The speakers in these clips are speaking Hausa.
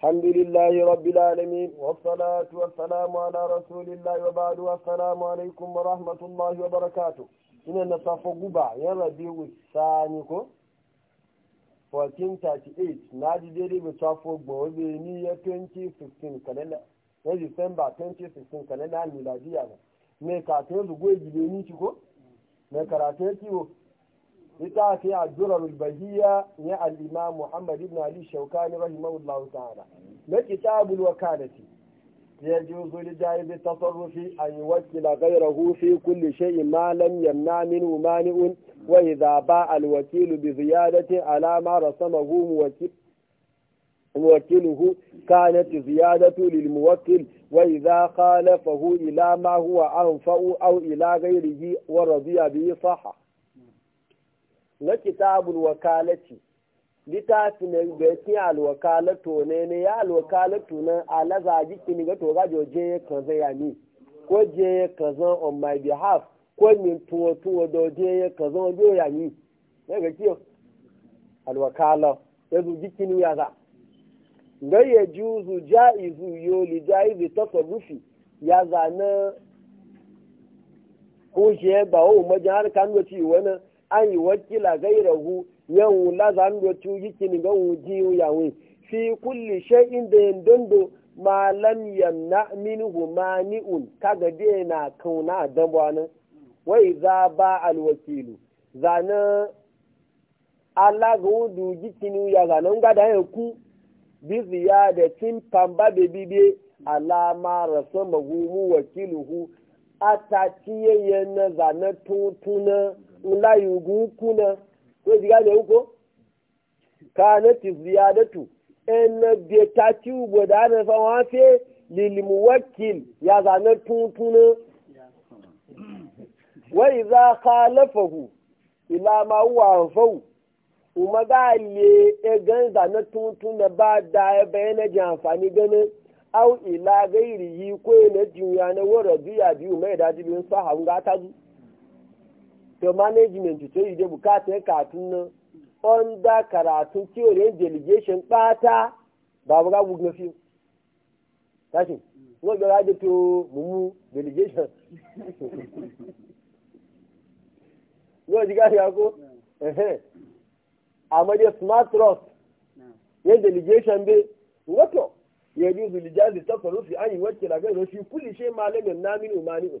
الحمد لله رب العالمين والصلاة والسلام على رسول الله وبعد والسلام عليكم ورحمة الله وبركاته إن نصف قبع يربي وثانيكو 1438 ناجي ديري بصف قبع بنية 2016 كالنا ديسمبر 2016 كالنا الميلادية ميكاتين لغوي جبيني تكو ميكاتين تيو littafi الدرر durar يا الإمام محمد بن علي الشوكاني رحمه الله تعالى na kitabul يجوز لجائز التصرف أن يوكل غيره في كل شيء ما لم يمنع منه مانع وإذا باع الوكيل بزيادة على ما رسمه موكل موكله كانت زيادة للموكل وإذا خالفه إلى ما هو أنفأ أو إلى غيره ورضي به صحة na kitabul wakalati litafi na gaisin alwakalato ne ne ya alwakalato na alaza jiki ni gato gajo je ya kaza ya ni ko je ya kaza on my behalf ko min tuwo tuwo da je ya kaza on biyo ya ni ne ga kiyo alwakala ya zu jiki ni ya za ga ya juzu jaizu yo li jaizu tasarrufi ya za na ko je ba o majin har kan ga ci wani an yi wakila gairahu yan wula za mu da tuji kini ga wuji yawe fi kulli shay'in da dondo ma lam yamna minhu mani'un kaga de na kauna da bwana wai za ba alwakilu zana Allah ga wudu gikini ya da gada ya ku bi ziyada tin pamba bebibe alama rasu wakilu wakiluhu a ta ciye yana zane ńlá ìgùn kú náà ó ti ká lẹ́wọ́ kó kàánà ti ziyadatu ẹnna bíi tàti ugbòdà àná fáwọn afẹ́ lìlìmù wákìl za àná tuntun náà wọ́n ìzá kálẹ́fọ̀hù ìlàmà fawu fọ́hù ga le e za na tuntun da ba da ya e e na ji amfani ganin au ila gairi yi ko e na juya na wara biya biyu mai daji biyun sa ga ta to management to yi bukata bukatar katun nan under da karatun theory and delegation bata babu ga gugu fi tashi ko ga to mumu delegation no diga ya ko eh amma da smart trust ya delegation be wato ya yi zulijazi ta farufi an yi wacce daga roshi kulli shi malamin naminu mani'un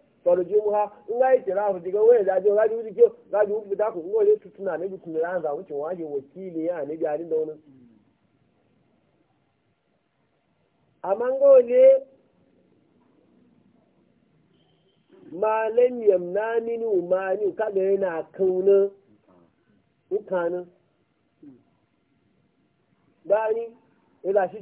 farjumuha in ga yi tirafu diga wani zaje ga ji wuce kyau ga ji ku tutuna ne waje wakili ya ne jarin da wani amma ga wani malam yamna mini umani yana kauna ukana dani ila shi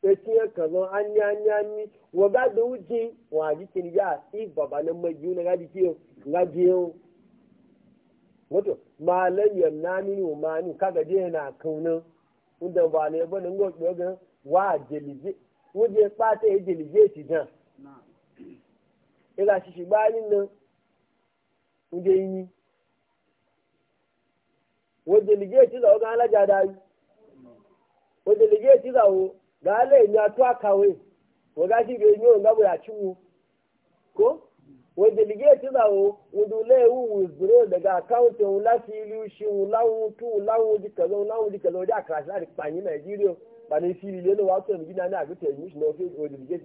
tsakiyar kazan hanya hanya mi wa ga da wuce wa ji kin ya si baba nan mai biyu na gaji kiyo gaji yau wato malam yamna mini wa mani kaga je na kaunan inda ba ne ba nan gobe ga wa jelije wuje pata e jelije ti jan ila shi shi ni nan wuje yini wuje jelije ti zawo ga alaja dai wuje jelije ti zawo gaala enyo atụ akawe wegaji ga enyo nga weghachiwu ko wedeligeti zawo wudule ewu wuzuro daga akaunti wula fi ili ushi wula wutu wula wuji kaza wula wuji kaza wajen akarashi láti pàyín nàìjíríà pàdé sí ilé ní wedeligeti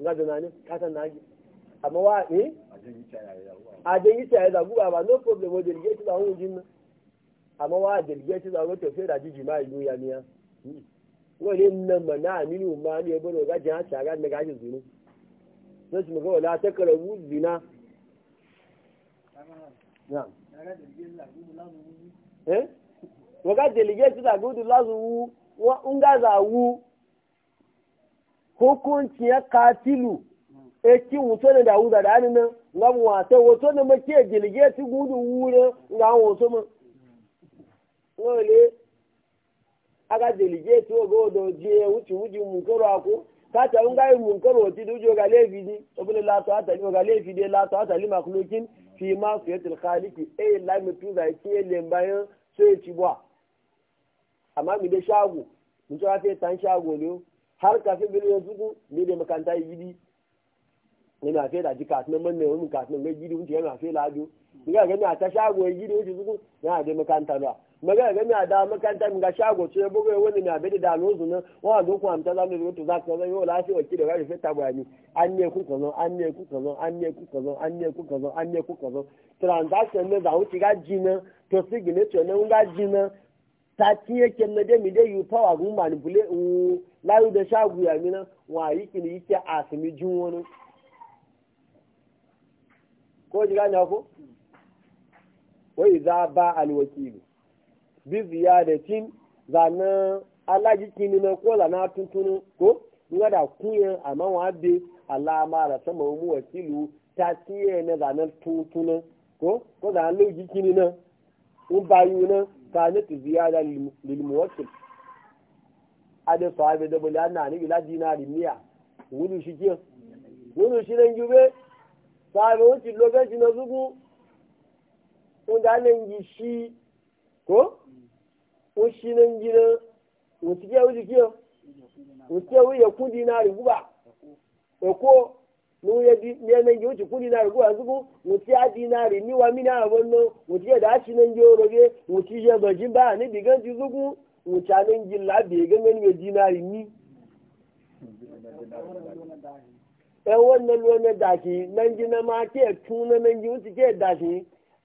nga e? nga a no problem wedeligeti zawo wùjí mi nna wa adeligeti zawo tó fẹ́ rà jíjì máa ìlú yà wani nan ma na aminu ma ne ya gajin na gajin zinu na shi maka wala ta karabu zina eh? waga wu wa unga za wu hukunci ya katilu e ki wuto ne da wu da dani nan nga ne ma ke su gudu wu ne nga wuto ma wale aga delegate ogo do je wuti wuji mun ako kata un gai mun oti, ti dujo ga lefi ni obule la to atali ga lefi de la to atali makhlukin fi ma fiyatil khaliqi e la mi tu ga ti ele mbayan sai ti e bwa amma mi de shago mun to afi tan shago lo har ka fi biliyon zuku ni de yi yidi ni na afe da jika tun mun ne mun ka tun gidi yidi mun ti na fe la ju ni ga ga ni ata shago yidi mun suku, zuku na de makanta la magana game a da makaranta ga shago ce ya bugu wani na bai da lozu nan wa zo ku amta za mu rubuta za ka zan yau lafi wakili ga ta bayani an ne ku kazo an ne ku kazo an ne ku kazo an ne ku kazo an ne ku kazo transaction ne za wuce ga jina to signature ne ga jina ta ci yake na dai mi dai yu power gun manipule da shago ya wa yi kini yake asimi jin wani ko ji gane ko wai za ba alwakilu bi ziyadatin zana alaji kini na ko tuntunu ko nga da kuyen abe ala be alama da sama mu ta siye na zana tuntunu ko ko zana na un bayu na kanat ziyada lil muwakkil ada a da bala na ni ila dinari miya wulu shi shi ran jube sahabe wuci na zugu ko shi nan gina wasu kyau jiki wasu kyau ya kudi na riguba da e ko mu ya di ya nan yi kudi na riguba zuku wasu ya di na ni wa mina a wannan wasu ya da shi nan yi roge wasu ya bajin ba ni digan ci zuku wasu ya nan yi labe gangan ya di na rini. ɗan e wannan ruwan na dashi nan gina ma ke tuna nan yi wuce ke dashi.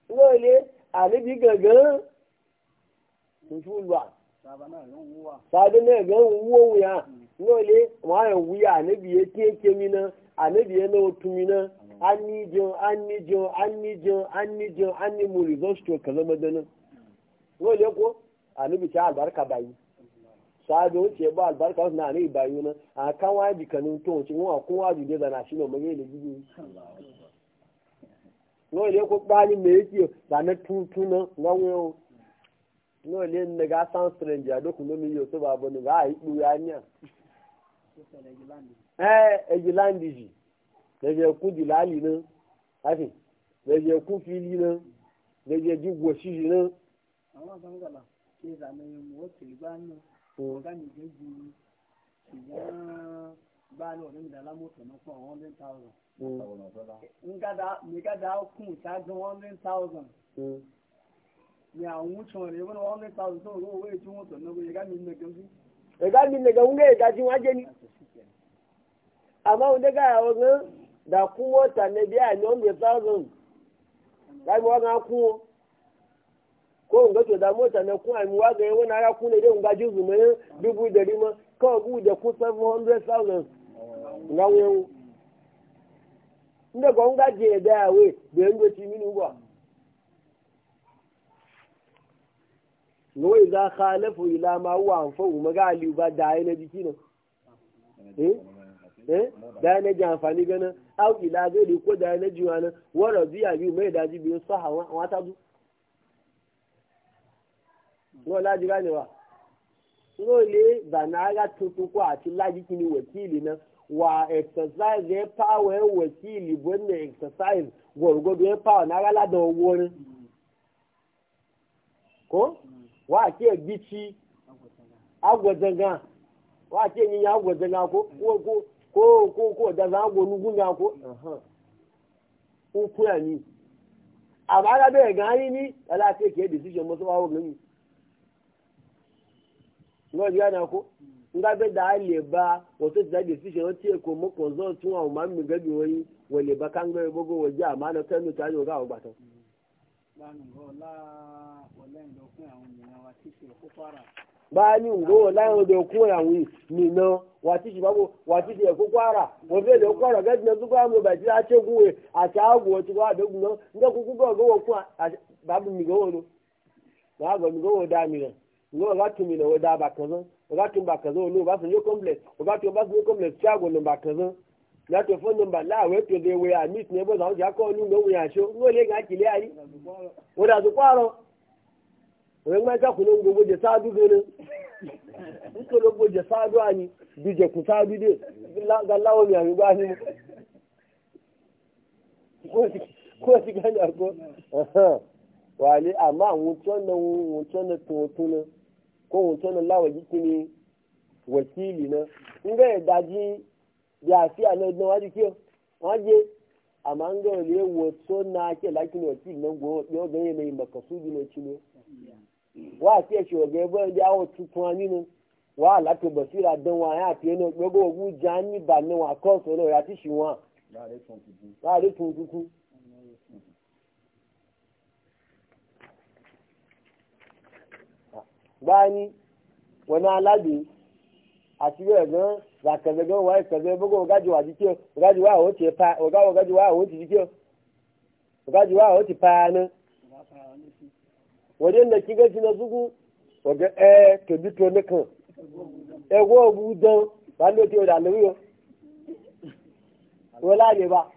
Lole, a nabi gangan nfulwa sabi na ga wuwo wuya nole ma ya wuya anabi ya keke mina anabi ya na otu mina an ni jo an ni jo an ni jo an ni jo an ni mu results to kaza madana nole ko anabi ta albarka bayi sabi o ce ba albarka na anabi bayi na a kan waji kanun to ci wa kun waji da na shi ne mu ga ne gidi nole ko bani me yake da na tutuna ngawo náà lé nígbà sound strange àdókùn lómi yìí tó bá bọ nígbà àìpò ya ní à. ẹ ẹjì láǹdì jì lẹ́yìn ẹkú jì láàlì náà láti lẹ́yìn ẹkú fìlì náà lẹ́yìn ẹjì wọ̀ṣì jì náà. àwọn àgbà ń gbàgbà ṣe ìlànà ìmọ̀ òkèlè bá ń lò ọ̀gá nìjẹ́ ju ìyá báàlù ọ̀nà ìdálá mọ́tò náà fún one hundred thousand. ń gádà kùn ṣáájú one hundred thousand. ya wucin ne wani wani sa su sun ruwa wai cin wucin na ya gami ne gamsu ya gami ne ga wunga ya gaji waje ni amma wanda ga ya wani da kuma ta ne biya ya na kuma mi waga ya wani aku ne dai wunga nga wai za khalafu ila ma huwa anfa'u maga aliyu ba da ai na jiki nan eh eh da na ji amfani ganin au ila zai ko da na jiwa nan wa radiya biyu mai daji biyu saha wa ta zu wọ́n láti gá ni wa wọ́n lé bànára tuntun kọ́ àti láti kí ni wẹ̀kíìlì náà wà exercise ẹ̀ pàwọ̀ ẹ̀ wẹ̀kíìlì bọ́nà exercise gbọ̀rọ̀gbọ̀dọ̀ ẹ̀ pàwọ̀ náírà ládàn owó rẹ̀ ko? wa ke gici agwazanga wa ke yin agwazanga ko ko ko ko ko da za go nugunga ko ko kuya ni amma da bai gani ni ala ce ke decision musu ba wannan ngo ya na ko nga bai da ale ba wato da decision wace ko mu ko zo tun wa mamu gabi wani wale ba kan ga bogo waje amma na kai mu ta yo ga ba ta mm báyìí ńgó láyé ọdẹ kó àwọn nìna wàtíṣì báwo wàtíṣì ẹ̀kọ́ kwara wọ́n fẹ́ẹ́ lè kó ọ̀rọ̀ kẹ́sì náà dúpọ̀ àwọn bàtí àṣẹ́gun rẹ̀ àti àgùn ọtí wà dẹ́gun náà ńgẹ́ kúkú bọ̀ gbọ́wọ́ fún bàbá mi gbọ́wọ́ lọ bàbá bọ̀ mi gbọ́wọ́ dá mi rẹ̀ ńgọ́ ọ̀gá tún mi lọ́wọ́ dá bàkàn sán ọ̀gá tún bàkàn sán olóòbá fún yóò kọ́mplẹ̀ ọ̀gá tún ọba fún yóò kọ́mplẹ̀ láti fóònù nọmbà láàwẹ̀ tó lè wẹ àmìt ní ẹgbẹ́ sàwọn ìyákọ́ ọ̀nù ló wẹ̀ àṣọ ní òlé ga kìlẹ̀ ayé wọ́n dà tó pààrọ̀ òwe ń mẹ́ta kùnú gbogbo jẹ sáájú gbẹ́nu nítorí gbogbo jẹ sáájú àní mi àmì gbá ní mu kó sì ká wà ní àmọ́ àwọn wọn tó ń bí àfi àná ìdán wájú kí ọ wọn jẹ àmà ń gbọ tó na kí ẹ láti lọ sí ìnáwó yóò gbé yẹn lẹ́yìn bàkà sójú lọ sí ni wọn àti ẹsẹ ọgẹ tuntun wa nínú bọ síra dán wọn àyà àti ẹnu gbogbo ogun ba ní ìbànú wọn àkọọsọ náà yàtí sí wọn tuntun. wọn gan ba kaza ga wai bugo gaji wa dikio gaji wa pa oga gaji wa dikio gaji wa pa na wajen da kiga shi na zugu oga eh to bito ne kan e wo bu ba ti o da le ba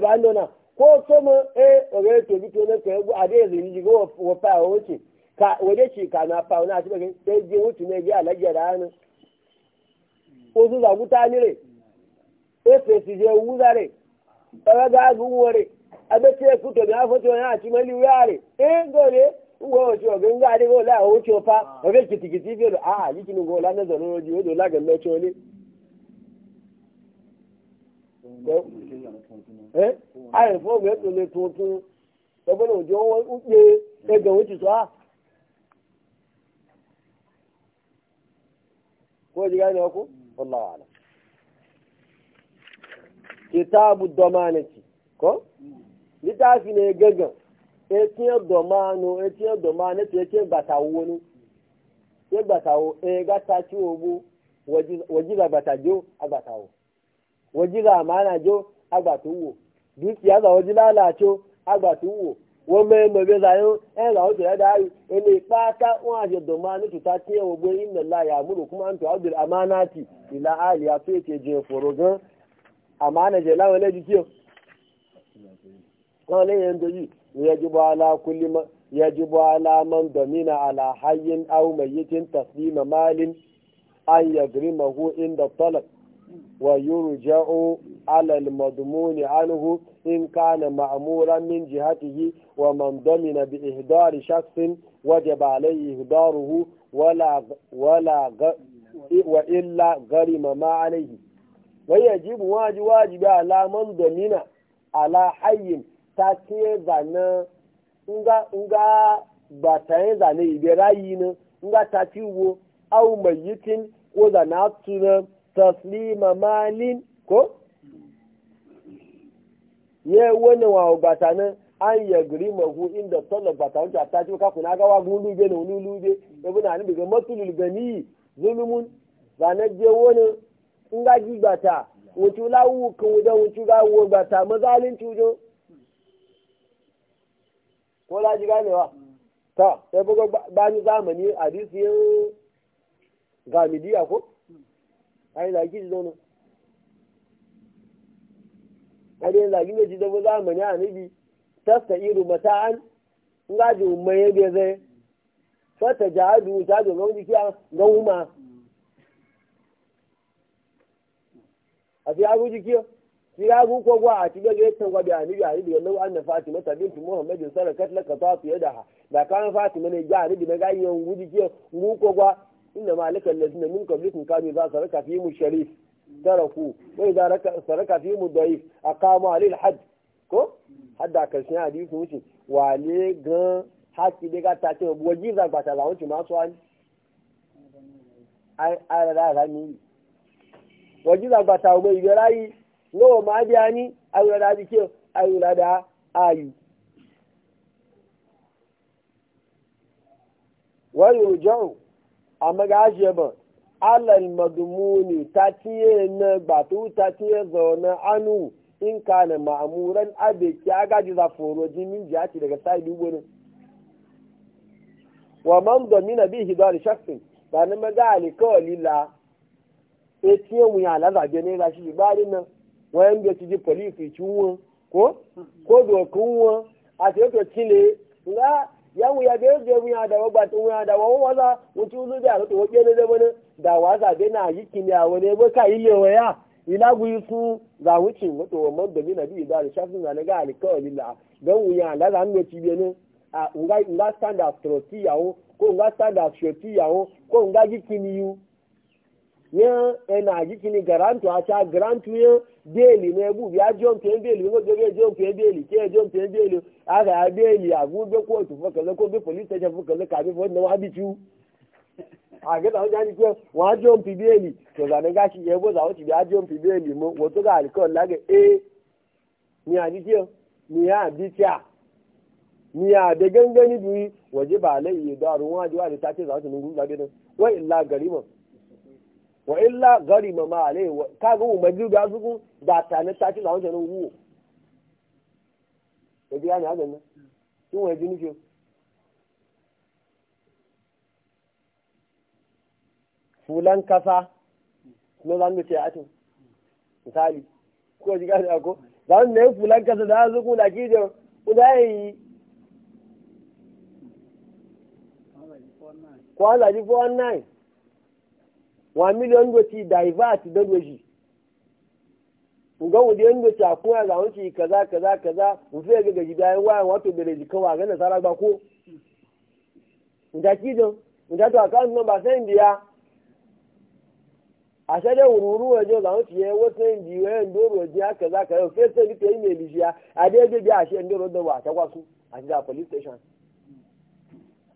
ba na ko so mo e eh, oga to bito ne kan e ade ni go wo pa ka ka na pa na ti ke je ne e oṣù zàgútálì rẹ̀ efèsì jẹ́ owúzà rẹ̀ ọ̀rẹ́gà agúnwó rẹ̀ agbẹ́tí ẹ̀kú tòbí afọ́tí ọ̀yán àti mẹ́lí wíwá rẹ̀ ẹ́ngọ̀rẹ́ ngọ́ òṣì ọ̀gẹ́ ńgá adéwọ̀ láà owó tí ó fa ọ̀rẹ́ kìtìkìtì fèrè àà yìí ni ngọ́ lánàzọ̀ lọ́rọ̀ di odò lágẹ̀ mẹ́tọ́ lé. ẹ ti o jìgá ni ọkụ. wallahu alam kitabu domanati ko litafi ne gaga etie domano etie domanati etie batawo nu ye batawo e gata ti obu wajiba batajo agbatawo wajiba amana jo agbatuwo dukiya za wajilalacho agbatuwo wọ́n mẹ́ mẹ́rin láyé ẹ̀ làwọn jẹ̀rẹ̀ dárí ẹni pátá wọn àti ẹ̀dọ̀mọ́ anítùtà tí ẹ̀wọ̀n gbé ìmẹ̀lá yàmúlò kúmọ̀ ń tọ́ àgbèrè àmánàtì ìlà àlè àfẹ́ẹ̀kẹ́ jẹ fọ̀rọ̀ gan àmánàjẹ̀ láwọn ẹlẹ́jú tí ó wọn lẹ́yìn ala yẹjúbọ́ ala yẹjúbọ́ alámọ́ndọ̀mínà àlàháyín áwùmẹ̀yẹ́tì tàfíìmọ̀ máàlín ayẹ̀gírímọ̀ hó ìndọ̀tọ́lọ̀ wa yurja'u ala al-madmun anhu in kana ma'muran min jihatihi wa man damina bi ihdari shakhsin wajaba alayhi ihdaruhu wala wala wa illa gharima ma alayhi wa yajibu wajibi wajibi ala man damina ala hayyin ta ce zana nga nga ba ta yin zane ibe rayi ne ta ci wo au mai yitin ko zana tuna taslima malin ko ye wani wa bata nan an ya guri mahu inda sallar bata wanke a tashi ka kuna gawa gun lube na wani lube ya bi na daga matulul gani zulumun ranar je wani in ga ji bata wucu lawu da wudan wucu ga wo bata mazalin cujo ko la ji ganewa ta ya bugo bani zamani hadisi yan gamidiya ko anyị na ki da ne a bo za mu ne anibi tasta iru mata'an nga sasta umma ye be a fata jahadu ta do ga ki ga umma àti agújú kí ọ tí ha a àti gbẹgbẹ tán gbàgbé fatima ha fatima ní ìjà inna ma alaka allazina min qablikum kanu za saraka fi mu sharif taraku wa idza saraka fi mu da'if aqamu alil hajj ko hadda karshen hadisi wuce wale gan haki dai ga tace waji za gbata la wuce ma so ani ai ai da da ni waji za gbata wo ibe rai no ma bi ani ai da bi ke ai da ayu wa yurja'u amma ga ajiye ba alal madumuni ta tiye na batu ta tiye zaune anu in ka na ma'amuran abe ki aga ji za foro jimin ji ake daga sai dubu ne wa man domina bi hidari shakfin ba na maga alikawali la e tiye mu ya laza gani ne ga shi ba na wayan da ti ji polisi ci won ko ko do kun won a ti to chile nga yawu ya ga ezo wuya da wagba tun wuya da wawo wala wuci ulu da ko da waza na yi kimya wani ka yi ya ila guyi su za wuci wato man da bi na bi da shafin na ga alkawali la dan wuya la za mu ci be ne a nga nga stand up ko nga stand up nga gi kini yu ya e na gi kini garantu a ya beeli na egbu bịa jụọ nke beeli nke beeli ke eje nke beeli a ga beeli agwụ be kwotu fọkele kwobe polis station fọkele ka abịa fọdụ na nwa bichu agịta nwa jụọ beeli tozanị gachi ya beeli a ni wa illa gari ma ma ale ka ga mu magi ga zugu da ta ne ta ci lawo jeno wu e biya na aga ne tun wa jini ke fulan kasa no zan ce a tin misali ko ji ga ko zan ne fulan kasa da zugu da ki je ku da yi kwala ji 419 wa miliyan goci divert da goji ga wuri yan goci kuma ga wanci kaza kaza kaza mu fiye ga gaji wato da reji kawa ga nasara ba ko nda kidan nda account number sai a sai da wururu ga wanci ya wasu indi wayan doro ya kaza kaza fiye sai bita yi mai lijiya a dai a wa ta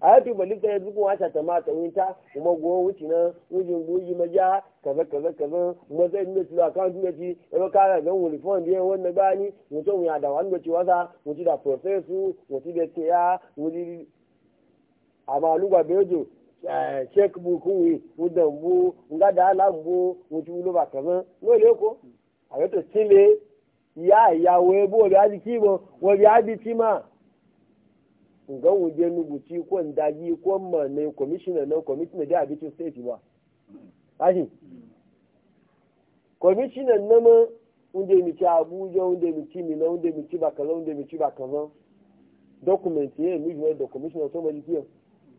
a yafi balik da ya zuku wata ta mata winta kuma gowa wuce na wujin goji maja kaza kaza kaza kuma zai nuna su da kan tunaci ya ba kara gan wulifon biyan wannan gani mutum ya da wani ci wasa mutu da profesu mutu da tiya mutu a maluwa bejo eh, check book wi wudan, bu nga da ala mbu mutu lo ba kaza no le ko hmm. a yato sile ya ya webo bi adi kimo wo bi adi kima. ga wuje kwan ko kwan ma ne komishina na commissioner da abitin state ba ahi commissioner na ma unde mi ci abuja unde mi ci mina unde mi ci bakaza unde mi ci bakaza document ye mi juwe da commissioner to mali kiyo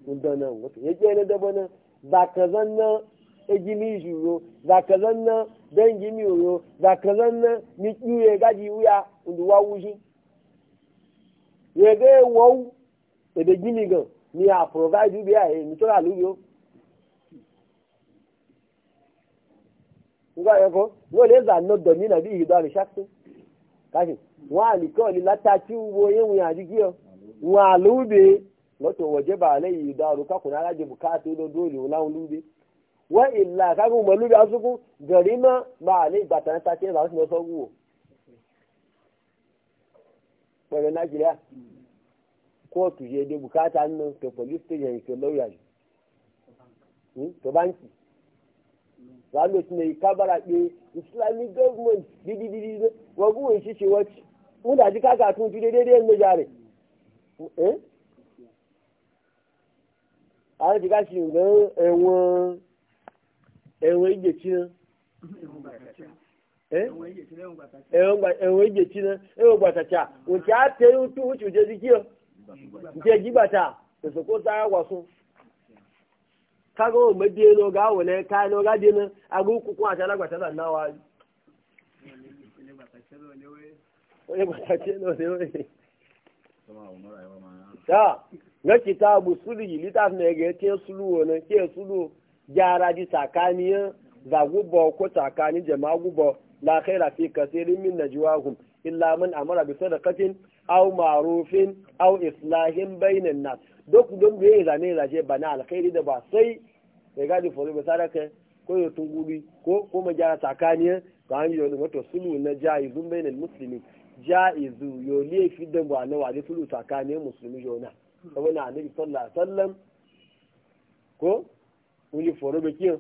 undana wata ya je na daba na bakaza na ejimi juro bakaza na dangi mi oro bakaza na mi kiyo gaji uya unduwa wuji yege wau ebe gini gan ni a provide bí àyè e, mi tó rà lóyò. nígbà yẹn kọ́ wọ́n lè zà ní ọdọ̀ nínú bí ìdá rẹ̀ ṣáṣẹ́ káṣí wọ́n àlìkọ́ ni látàtí wo yẹn wọ́n àdí kí ọ wọ́n àlóde lọ́tọ̀ wọ̀jẹ́ bà lẹ́yìn ìdá rẹ̀ kákùnrin alájẹbù káàtó lọ́dún òní wọn láwọn lóde wọ́n ìlà kágun mọ̀ lóde asúnkún gẹ̀rí mọ́ bà lẹ́ ìgbàtà ń ta kí ẹ̀ bá ń sọ kóòtù yẹ de bùkátà nù tó police station tó lọ́ọ̀yà yìí hmm? tó báńkì wàá lọ sí ní kábàrà pé islamic government dídídídí wọ́n kúrò ìṣiṣẹ́ wọ́ọ̀tì ń dàjí káàkà tún ju déédéé ń lójà rẹ̀ hmm? àwọn ti ká sí nǹkan ẹ̀wọ̀n ẹ̀wọ̀n ìgbètí náà eh? ẹ̀wọ̀n ìgbètí náà ẹ̀wọ̀n gbàtàkà òtí á tẹ ojú ojú ojú ojú kí ọ. nke gibata da su ko tsaya wasu kaga o madiye no ga wone kai no ga dinu agu ku ku atala gba tala na wa ole gba ta ti no le we na kitabu suluji litaf ne ga ti sulu wona ti sulu jara di sakani za gubo ko sakani jama'a gubo la khaira fi kasirin min najwahum illa man amara bi sadaqatin aw ma'rufin aw islahin bainan nas duk don da yayi zane zaje bana alkhairi da ba sai ya gadi fori ba saraka ko ya tunguri ko ko ma jara tsakaniya ga an yi wato sulu na jaizun bainal muslimin jaizu yo le fi da ba na wa da sulu tsakaniya musulmi jona saboda annabi sallallahu alaihi wasallam ko wuli foro ba kiyan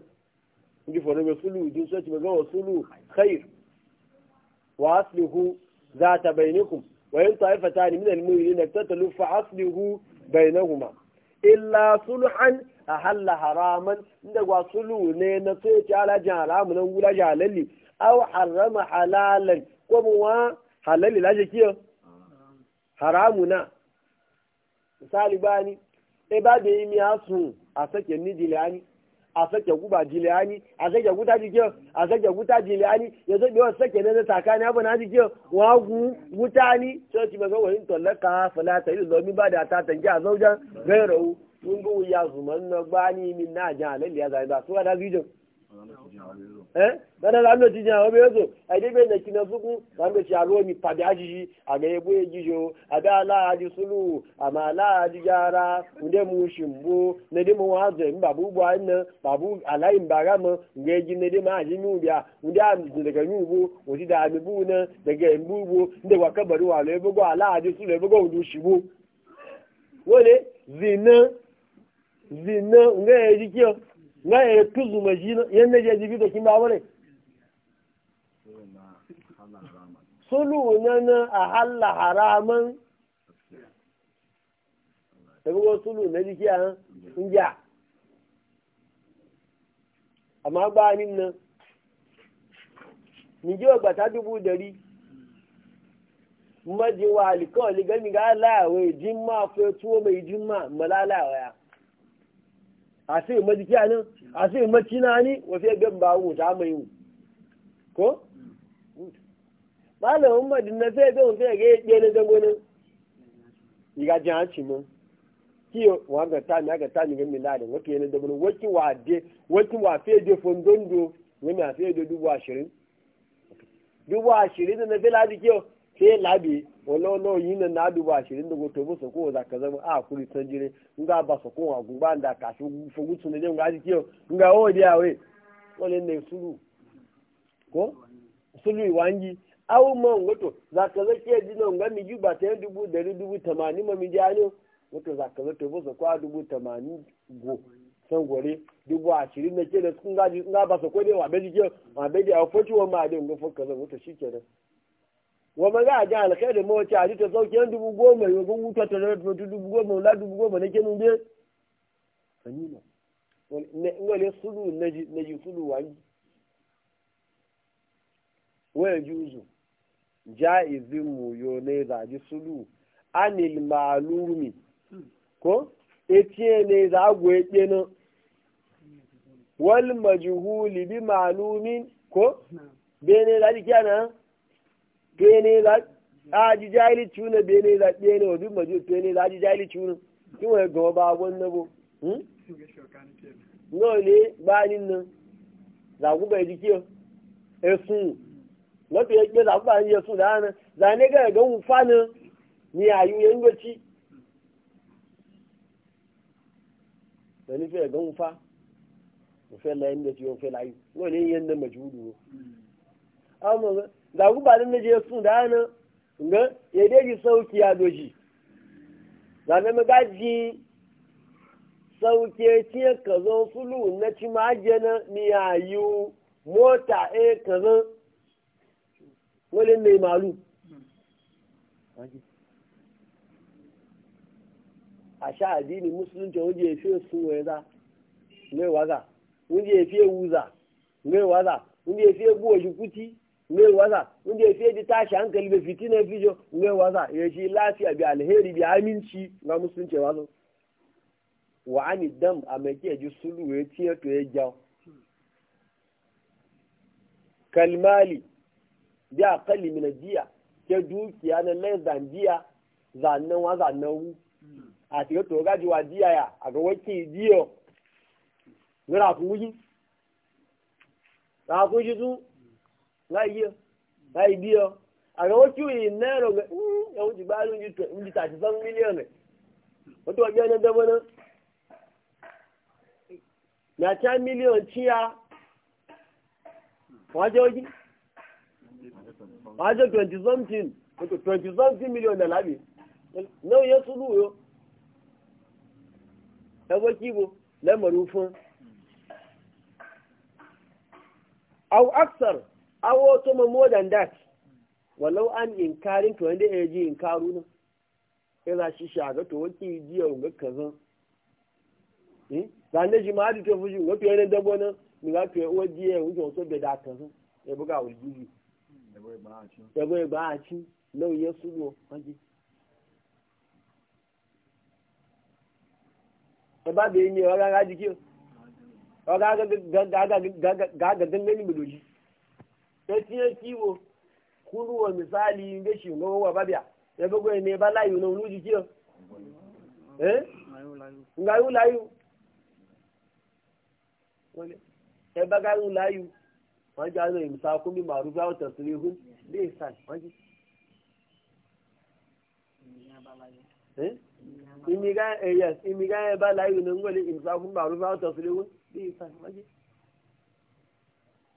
wuli foro ba sulu din so ci ba ga sulu khair wa aslihu zata bainakum wayan ta'ifata ne minal mu'minina tatalu fa Ila bainahuma illa sulhan ahalla haraman inda gwa sulu ne na so ya ci alajin haramu nan gula jalalli aw harama wa halalli laje kiyo haramu na misali bani e ba a sake ni dilani a sake guba jiliani a sake guta jikiyo a sake guta jiliani ya zo biyo sake ne na ne abu na jikiyo wagu guta ni coci mai wani tallaka falata ilu domin ba da ta tanki a zaujan gairau mun ga wuya zuman na gbani min na lalle ya zai ba su ga da zijin eh dana lalo ti jan obe ozo ade be na kina suku rambe ti aro mi pade ajiji aga ebo ejijo aga ala aji sulu ama ala aji jara unde mu shimbo ne de mu wazo mi babu bu anna babu ala imbara mo nge ji ne de ma aji nu ubia unde a mi daga bu ubo oti da mi bu na daga mbu bu. nde wa kabari wa le ebo go ala aji sulu ebo go ndu shibo wole zina zina nge eji kio nga ya tuzu ma shi yan na jajibi da kima wani sulu na na a halla haraman ta kuma sulu na jiki a nan ja amma ba nin nan ni ji wa ta dubu dari ma majiwa alikawali gani ga alawa jimma fetuwa mai jimma malalawa ya a sai ma jiki nan a sai ma cina ni wa gan ba mu ta mai mu ko na sai gan sai ga yi ne dango ne iga jan ci mu ki wa ga ta ni ga ta ni gan waki wa de waki wa fe de fondondo ne ma fe de dubu ashirin dubu ashirin na fe la di ki sai labi wala wala yi na na dubu ashirin da goto bu su kowa zaka zama a kuri san jire in ga ba su kowa gumba da kashi fugu su ne ga aji yau in ga wo dia we wala ne sulu ko sulu iwangi awu man goto zaka zake ji na ga mi juba ta dubu dari dubu tamanin ma mi jani goto zaka zato bu su kowa dubu tamanin go san gore dubu ashirin na ke da sun gaji in ga ba su kowa ne wa beji ke wa beji a fokiwa ma da in ga fokaza goto shikenan wa za a ji alkhairu ma wace a ji ta sauke yan dubu goma yau gun wuta ta rarrafa dubu goma wula dubu goma na kenan dai kanina wale sulu na ji sulu wani wani juzu ja'izin muyo ne za ji sulu anil malumi ko etiye ne za gwe kenan wal majhuli bi malumin ko bene da ji kenan pene za aji jahili cuna bene za pene wabi maju pene za aji jahili cuna kin wani gama ba abun na bo hmm? no le ba ni na za ku e ki jike esun wato ya ke za ku ba ni esun da na za ne ga ga wufa nan ni ayu yan gaci da ni fe ga wufa mu fe la yin da ci yo fe la yi no le yin da majudu amma da ku ba nan je sun da nan ga ya dai sauki ya doji da nan ga ji sauke ce ka zo sulu na ci maje na miyayu mota e ka zo wani mai malu a sha addini musulunci wajen ya fiye su weza ngai waza wajen ya fiye wuza ngai waza wajen ya fiye buwa shi kuti ngai waza ndị ya e fiye tashi hankali bai na e fijo ngai waza ya e eji lafiya bi alheri bi aminci ga musulunci wazo wa ani dam a mai eji sulu wee tiye to ya jawo kalmali bi aqalli mina adiya ke dukiya na lai zandiya zannan waza na wu a tiye to gaji wa ya a ga wake diyo ngira kuji ra kuji su láyé láyé bí ọ àwọn ojú yìí náírà ọgbẹ ẹwọn ti thirty seven mílíọnù tó ọjọ ẹni dẹbọ náà nàìjíríà mílíọnù tíya wọn twenty something twenty something awo to mo more than that walau an inkarin to wanda ya ji inkaru na ya za shi shaga to wakil jiya ga kaza eh ji da to fuji wato yana dabo na mi ga to o jiya wuce wato da kaza ya buga wujiji ya boye ba a ci lauyen ya sugo haji ya ba da yi ne wa ga ga jiki wa ga ga ga ga ga ga ga ga tẹ́tíyẹ́ kíwò kúrú wọ misali ndé ṣì ń lọ́wọ́ bábíà ẹgbẹ́gbẹ́ ẹni ẹba láyò náà olójú kí ọ ẹ́ ngayú láyò ẹba gayú láyò wọ́n jẹ́ àwọn ìmùsà kún bí màrú bí àwọn tẹ̀sílẹ̀ ihun bí ìsàn wọ́n jẹ́. ìmìgá ẹ̀yẹ ìmìgá ẹba láyò náà ń wọlé ìmùsà kún màrú bí àwọn tẹ̀sílẹ̀ ihun bí ìsàn wọ́n jẹ́.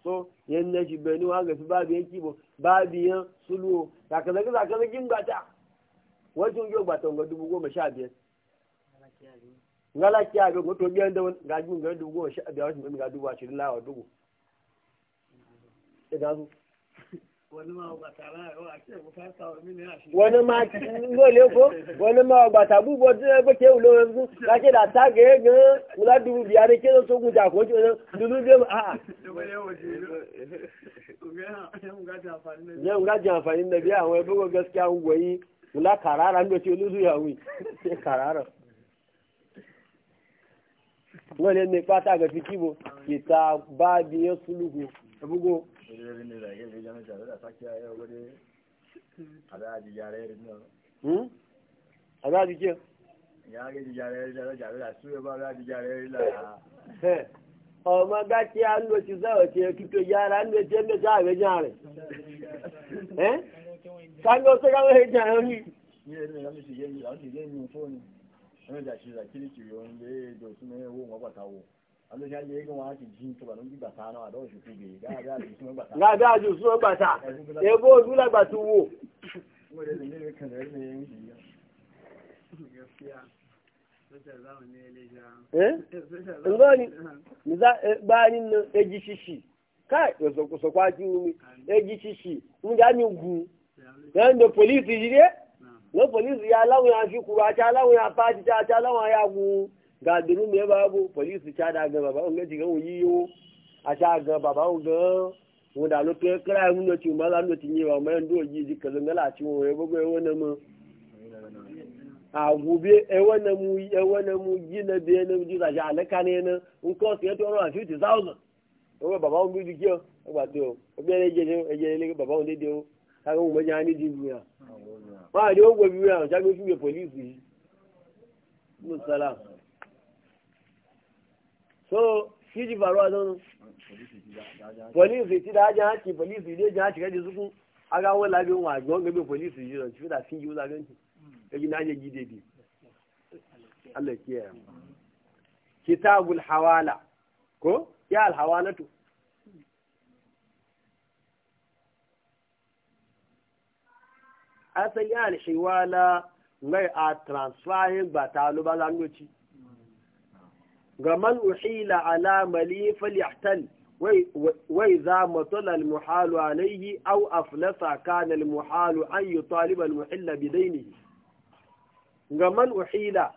so yan na shi bai wa ga babu yanki bo babu yan suluwo ka zakazaga kin gbata wajen yau gbata ga dubu goma sha biyar ngala kiya ga goto biyan da ga dubu goma sha biyar ga dubu ashirin lawa dubu idan su wani ma ko wani ma ọgbàtà búbọ̀ tí wọ́n pẹ̀kẹ́ ìlú ẹgbẹ́ láti dà tágẹ̀ ẹgbẹ́ ládùúgbò bí adé kéde tó gùn jàkó jù lọ dúdú dé mọ́ àà jẹun gájì àǹfààní nẹ̀bí àwọn ẹgbẹ́ gbogbo gẹ́sìkà ń wọ̀ yìí ńlá kàràrà ńlọ tí olóṣù yàwó yìí kàràrà wọ́n lè ní pátá àgbẹ̀fi kíbo kìtà bá bí yẹn ada di je ọmọ gá tí a ń lo ti sọ̀rọ̀ tí o kíkọ yára ń lo tí ó ń lo tí àwẹ̀ jà rẹ̀ ẹ́ ká ló tó káwé jà rẹ̀ ní. ní ẹni ìyá mi ti yé mi àwọn ti yé mi fóònù ẹni ìjà ṣe ìjà kiri kiri òun lè dòtún mẹ́rin owó wọn pàtàkì. Gbàdá àjò súnmọ́ gbàtà, èbó ojú lágbà tó wò. Ǹgbọ́n ni, gbá nínú ejì ṣíṣì, káì, ga dunu me babu police cha da ga baba on ga wuyi yo a cha ga baba on ga wo da lo ke kra mu no ti ma la no ti ni ba ma ndo ji ji kazo ngala ti wo e bogo e wona mu a gube e wona mu e wona e mu ji na be na ji da ja na kane na un ko se to ro 50000 e o baba on bi ki o e gba te o o bi di bu ya ma de o gbe bi ya ja go fi police yi musalam so shi ji faruwa don polisi ti da ajin haki polisi ne jin haki kaji suku a ga wani labi wa don gabe polisi ji don da sun yi wuza ganci ta gina ya gide bi Allah kiyaye yaya kitabul hawala ko ya alhawalatu asali alhiwala mai a transfer ba ta lo ba zangoci ga man uhila ala mali falyahtal wai za matala almuhalu alayhi aw aflasa kana almuhalu an yutaliba almuhilla bidainihi ga man uhila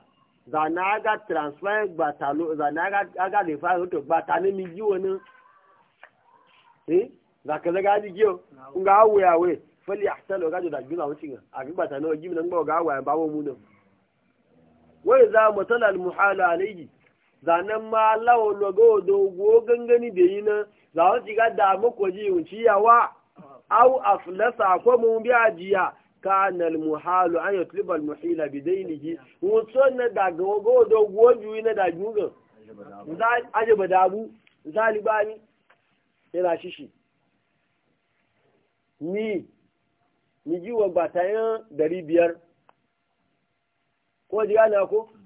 za na ga transfer ba talo za na ga ga le fa to ba ta ne mi ji wani eh za ka ga ji giyo nga awu yawe falyahtal ga da gina wucin a ga ba ta ne ji nan ba ga awu ba mu da wai za matala almuhalu alayhi zanen ma lawo logo dogo gangani da yi nan za wani shiga da muku ji wuci yawa au aflasa ko mun biya jiya kanal almuhalu an yutliba almuhila bidainihi wuto na da gogo dogo juyi na da jugan aje dabu zalibani yana shishi ni ni jiwa batayan 500 biyar ko ji gane ko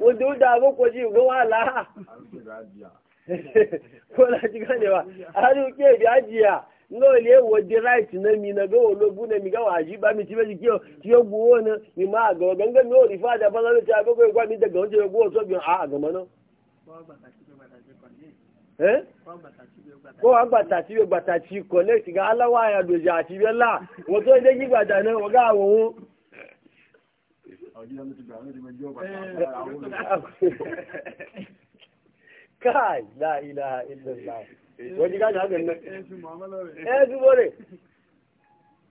wanda wanda abin kwaji ga wala ko a hannun ke da ajiya nga right na mi na ga wolo bu na mi ga waji ba mi ti be ti o gwo mi ma eh? ga ga nga mi fa da ti ago mi da ga o je so bi a ga ma no eh ko ti be ya ti la wo to de gi ga wo kai la ilaha illallah eh, wani gaji haka nan eh, eh, eh su bore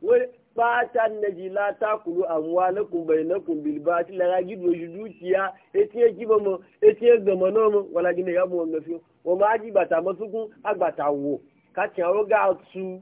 wani batan na ji la ta kulu amuwa e e e na kumbai na kumbil ba ti lara gido eti ya kiba mo eti ya gama na mo wala gina ya mu wanga fiyo ma aji bata masukun agbata wo ka ci awo ga su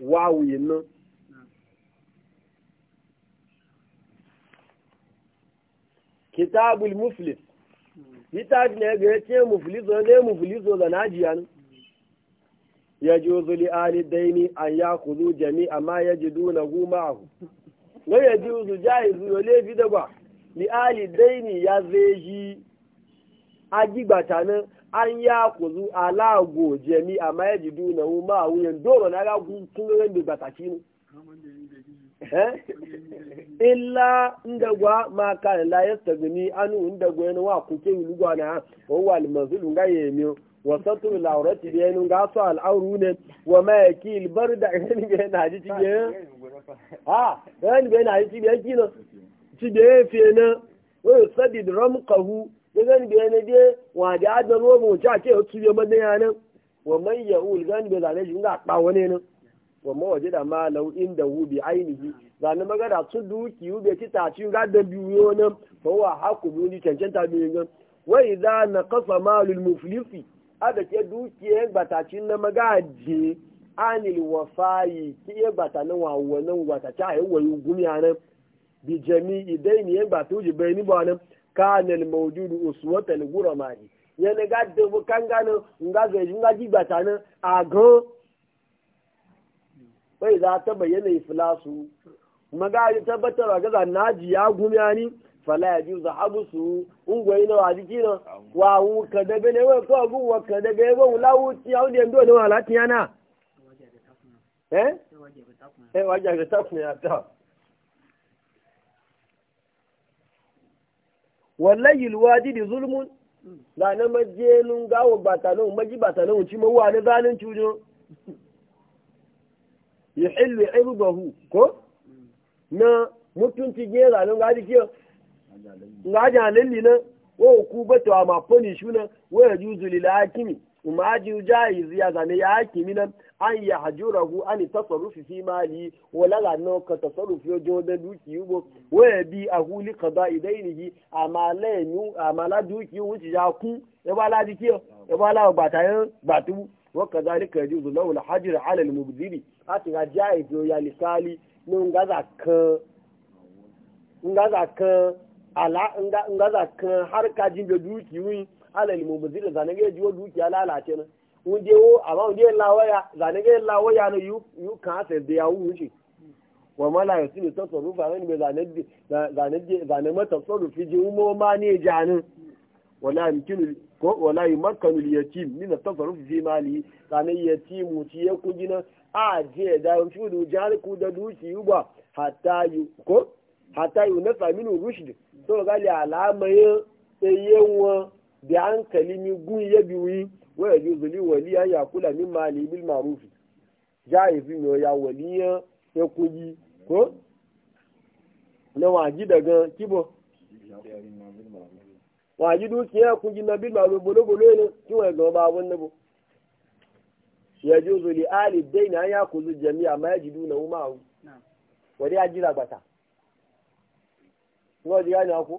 wawu yin nan kitabul muflis littafi ne ga ya ce mufliso ne mufliso da najiya nan ya ji ozu li'ali daini an ya kuzu jami'a ma ya ji duna guma ahu wai ya ji ozu jahizu ya lefi da ba li'ali daini ya zai shi ajigbata nan an ya kuzu ala goje mi amma ya ji duna wu ma wuyan doro na ga kun ran da bataki ne eh? illa inda gwa ma ka la yastagni an inda gwa ne wa ku ke na wa wal mazlun ga yemi wa satur la aurati bi ne ga so al ne wa ma yakil barda ne ga na ji ti ge ha ne ga na ji ti ge kino ti ge fe na wa yusadid ramqahu gan biya na je wa da da ruwa mu cha ce su je madan yana wa man yaul gan biya zane shi ga ba wani ne wa ma waje da ma lau da hu bi ainihi zane magana su duki hu be ci ta ci ga da ne fa wa haku mu ni ta biyo gan wa naqasa ada ke na magaji anil ki gbata na wa wannan gbata ta bi ni ni kanel maujudu uswatal guramani yana ga dubu kan gano nga ga nga jibata nan a ga bai za ta bayyana iflasu maga ya tabbatar ga za naji ya gumiya ni fala ya ji zahabu su ungwai na wa jiki na wa wu ka da bene wa ko gu wa ka dabe bene wa la wu ti ya ndo ne wa la ti yana eh eh waje ga takuna ya ta wallahi alwadi di zulmun da na majenun gawo batanon maji batanon ci mawa na zalunci ya yuhillu irbahu ko na mutunci ge zanen gaji ke ngaji halalli na wa ku bata ma punish na wa yajuzu lil hakimi kuma aji jaiz ya zane ya hakimi nan an ya hajurahu an tasarrufi fi mali yi la no ka tasarrufi ojo da duki ubo e wa bi ahuli qada idainihi amala nyu amala duki wuci ya ku e wala dikiyo e wala bata batu wa kadhalika yajuzu lahu al-hajr ala al-mubdili ati ga jai do ya lisali no ngaza kan ngaza kan ala ngaza kan har ka jin da duki wi ala al-mubdili zanage jiwo duki ya lalace na wunde wo amma wunde la waya zane ga lawa ya no yu yu kan se de awu wuji wa mala yusilu tasarrufa ne be zane zane zane ma tasarrufi ji umo ma ne jani wala yumkinu ko wala yumakkanu al-yatim min at-tasarruf fi mali zane yatimu ci ku kujina a je da shudu jari ku da duki yuba hatta yu ko hatta yu na faminu rushd to ga li alama ye eyewo bi an kalimi gun ya biwi wa yajuzu li waliya ya kula min mali bil ma'ruf jaizi ne ya waliya ya kuji ko na waji daga kibo waji dukiya kuji na bil ma'ruf bolo bolo ne ki wa ga ba wannan bo yajuzu li ali dain an jami'a ma wọ́n di yáni ọkú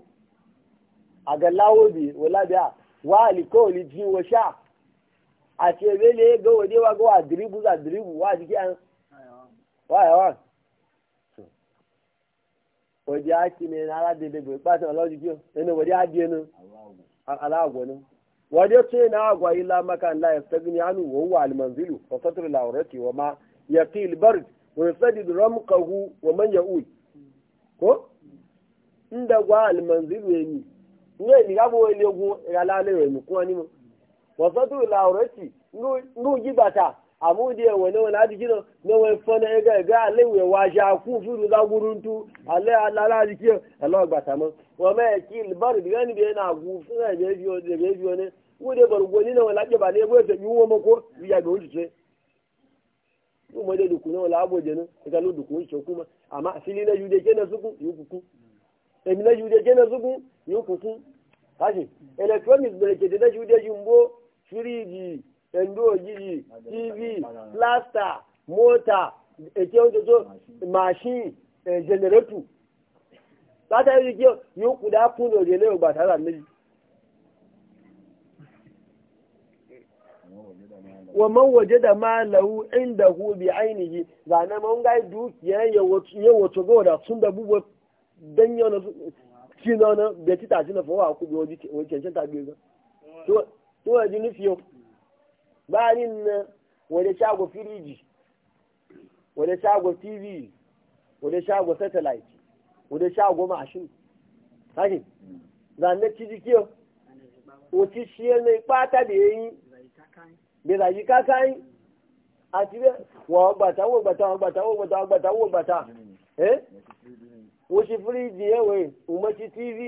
àgàláwò bíi wọ́n lábẹ́ à wà á lè kọ́ òní jí wọ́n ṣáà a ce ga waje wa ga wa diribu za diribu wa jiki an wa yawa waje aki ne na ala dede bai ba ta ala jiki ne waje adiye ne ala agwa ne waje ce na agwa ila maka la yastagni anu wa huwa al manzilu wa satr la urati wa ma yaqil bard wa yasadid ramqahu wa man yaul ko inda gwa al manzilu ne ni ne ni ga bo ile gun ala le ni kun ani mo wasatu laurati ngu jibata amudi ewe ne wani adiki no ne wani fana ega ega ale we waja ku furu la guruntu ale alala adiki ala gbata mo wa me ki libaru diga ni be na ku funa je biyo de be biyo ne wo de baru goni ne wala jeba ne wo se yuwo mo ko biya be onju se wo mo de duku ne wala aboje ne ega lu duku so kuma ama fili na na suku yukuku emi na yude je na suku yukuku kaji electronics bele je de yude jumbo firiji endo jiji tv plaster mota eke ojo to machine eh, generator látàrí yìí kí yóò kú dá fún òde ilé ògbà sára méjì. wa man wajada malahu indahu bi ainihi zana man ga dukiya ya wato ga da, sun da bubo dan yana shi na na bai ta shi na wa ku bi wajen cancanta biyu ga tó ẹ̀jú ní fi na báyìí nà wọ́n lè ṣàgò fíríjì wọ́n lè ṣàgò tv wọ́n lè ṣàgò sẹ́tẹ̀láìtì wọ́n lè ṣàgò màṣín láti zànà títí kí o wọ́n ti ṣe é ní ipá tàbí eyín gbèsàjì kákáyín àti bẹ́ẹ̀ wọ́n gbàtà wọ́n gbàtà wọ́n wọ́n gbàtà wọ́n gbàtà wọ́n gbàtà ẹ́ wọ́n ṣe fíríjì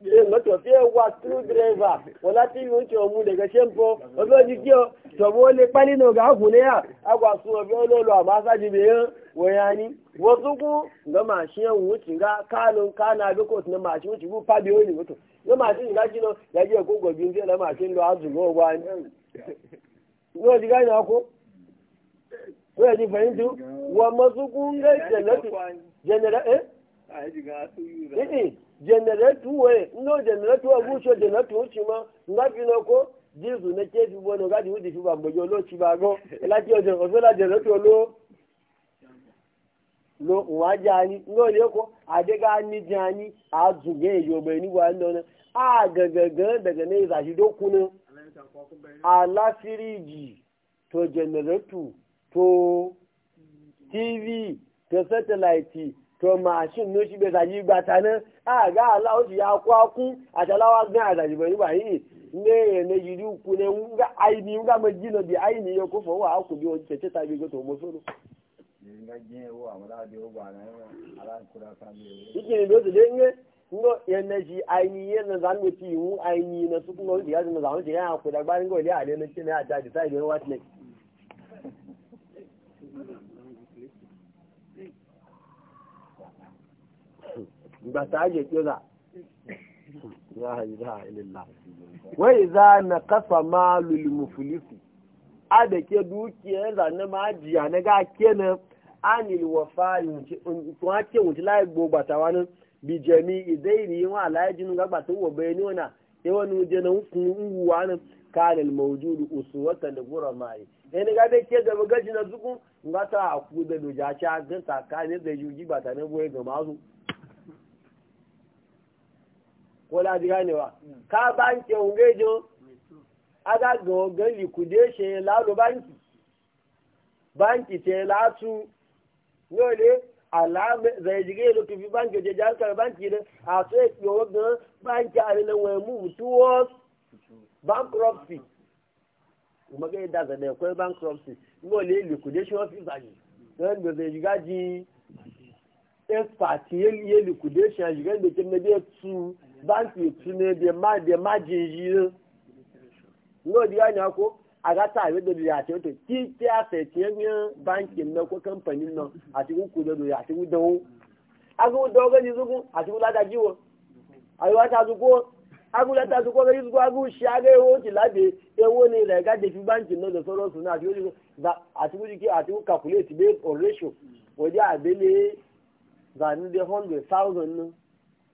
E tí ẹ wà tú driver wọ́n láti ìlú tí ọmú lè gẹ̀ṣẹ́ ń bọ́ ọjọ́ ojú kí ọ tọ̀bọ̀ ó lè pẹ́ nínú ọ̀gá ọkùnrin à àgbà sun ọ̀fẹ́ olóòlù àmọ́ ni wọ́n tún kú máa ṣe wù nga káàlù káàlù àdókò tí nga máa ṣe ń tì kú pábí nga máa ṣe ìgbà jìnnà ẹ̀kọ́ ń generatu we no generatu wa gusho generatu uchima ngapi nako jizu ne chefi bono ngadi udi fi bambojo lo chibago elati ojo ofela generatu lo lo wa jani no leko adega ni jani azuge yobe ni wa ndo a gagaga daga ne za shi dokunu ala firiji to generatu to tv to satellite to mashin no shi bai zaji ba a ga Allah shi ya kwaku a talawa gan a zaji bai ba yi ne ne yiri ku nga aini nga majino bi aini yo ko fo wa ku bi on tete ta bi go to mo solo nga e o na e ala kura sa mi iki ni ngo ji na zan ti wu aini na ya ji ya da ti bata a kira la ilaha illallah wa idza naqasa malul muflisi ke dukiyar majiya na ga kenan anil wafa tun ake wuce layi gbogbo ta wani bi jami idairi yin wa layi jinu gagba tun wana yawan e wuje na hukun kanil maujudu da gura mai e ga ke gaba gaji na nga ta da a gan da ba ta e ga mazu ko laji ganewa ka banki hungejo aga gan likude she banki banki ce latu yole alame zai jige lo banki je jankar banki ne a so yo e gan banki ale na we mu towards bankruptcy kuma ga da da ko bankruptcy yole likude she office ani dan zai jiga ji expert jiga ne be tu. banki tune da ma da majin jirin no di ana ko a ga ta da ya ce to ki ti a fe ti yan banki na ko company na a ti ku da ya ti da o a go do ga ni zugu a ti la da jiwo ayi wa ta zugu a go la ta zugu ga zugu a go shi a ga o ti la de e wo ni le ga de fi banki na do soro suna a ti o da a ti ki a ti calculate based on ratio o ja abele zani de 100,000 no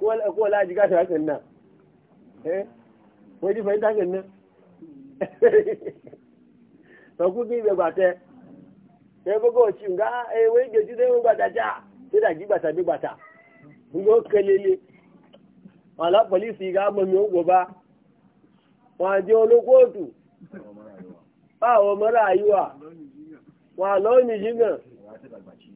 ko la ji gashi hakan nan eh wai ji fahimta hakan nan to ku ki be gbate e bo go chi nga e eh, wai ge ji de mo gbata ja ti da ji gbata bi gbata ngo kelele wala polisi ga mo mi ogo ba wa je olokootu ba o mara ayiwa wa lo ni jingan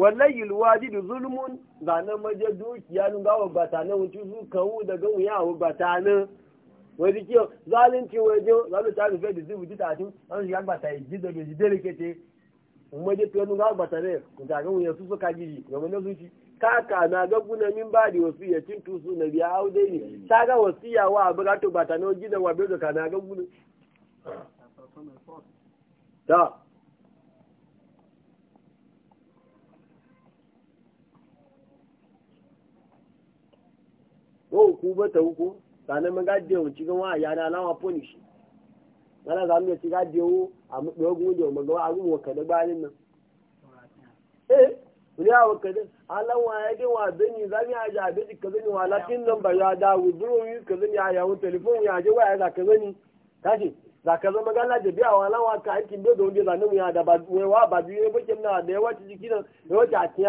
wallahi da zulmun na maje dukiya nun ta nan wuce su kawu daga wuya wa nan wani kiyo zalunci waje zalunci ta rufe da zubu jita tun an shi gaba ta yi jida da jide rikete maje tuwa nun gawo batana kun ta ga wuya su suka gidi ga wani zuci kaka na ga guna min ba da wasu ya cin tusu na biya hau dai ne ta ga wasiya wa abu gato batana gidan wa bezo ka na ga guna wọ́n kú bẹ́tẹ̀ wúkú sànà a dé òun tí na. àyà ni aláwọ̀ pọ́nìṣì lọ́la sàmì ẹ̀ ti ká di owó àmọ́pẹ́ ogun oúnjẹ ọ̀mọ̀gbọ́n arúgbó kẹ̀dẹ́ gbá nínú. ee òní àwọn kẹ̀dẹ́ aláwọ̀ ayẹ́dẹ́ wọn àbẹ́ni ìzámi àjà àbẹ́ni kẹ̀dẹ́ ni wọn alátín nọmba yọ adá wùdúró yìí kẹ̀dẹ́ ni àyàwó tẹlifóònù yà àjẹwò àyà zàkẹ́dẹ́ ni káṣí zàkẹ́dẹ́ mẹ́gá ya bí àwọn ya akáyìkì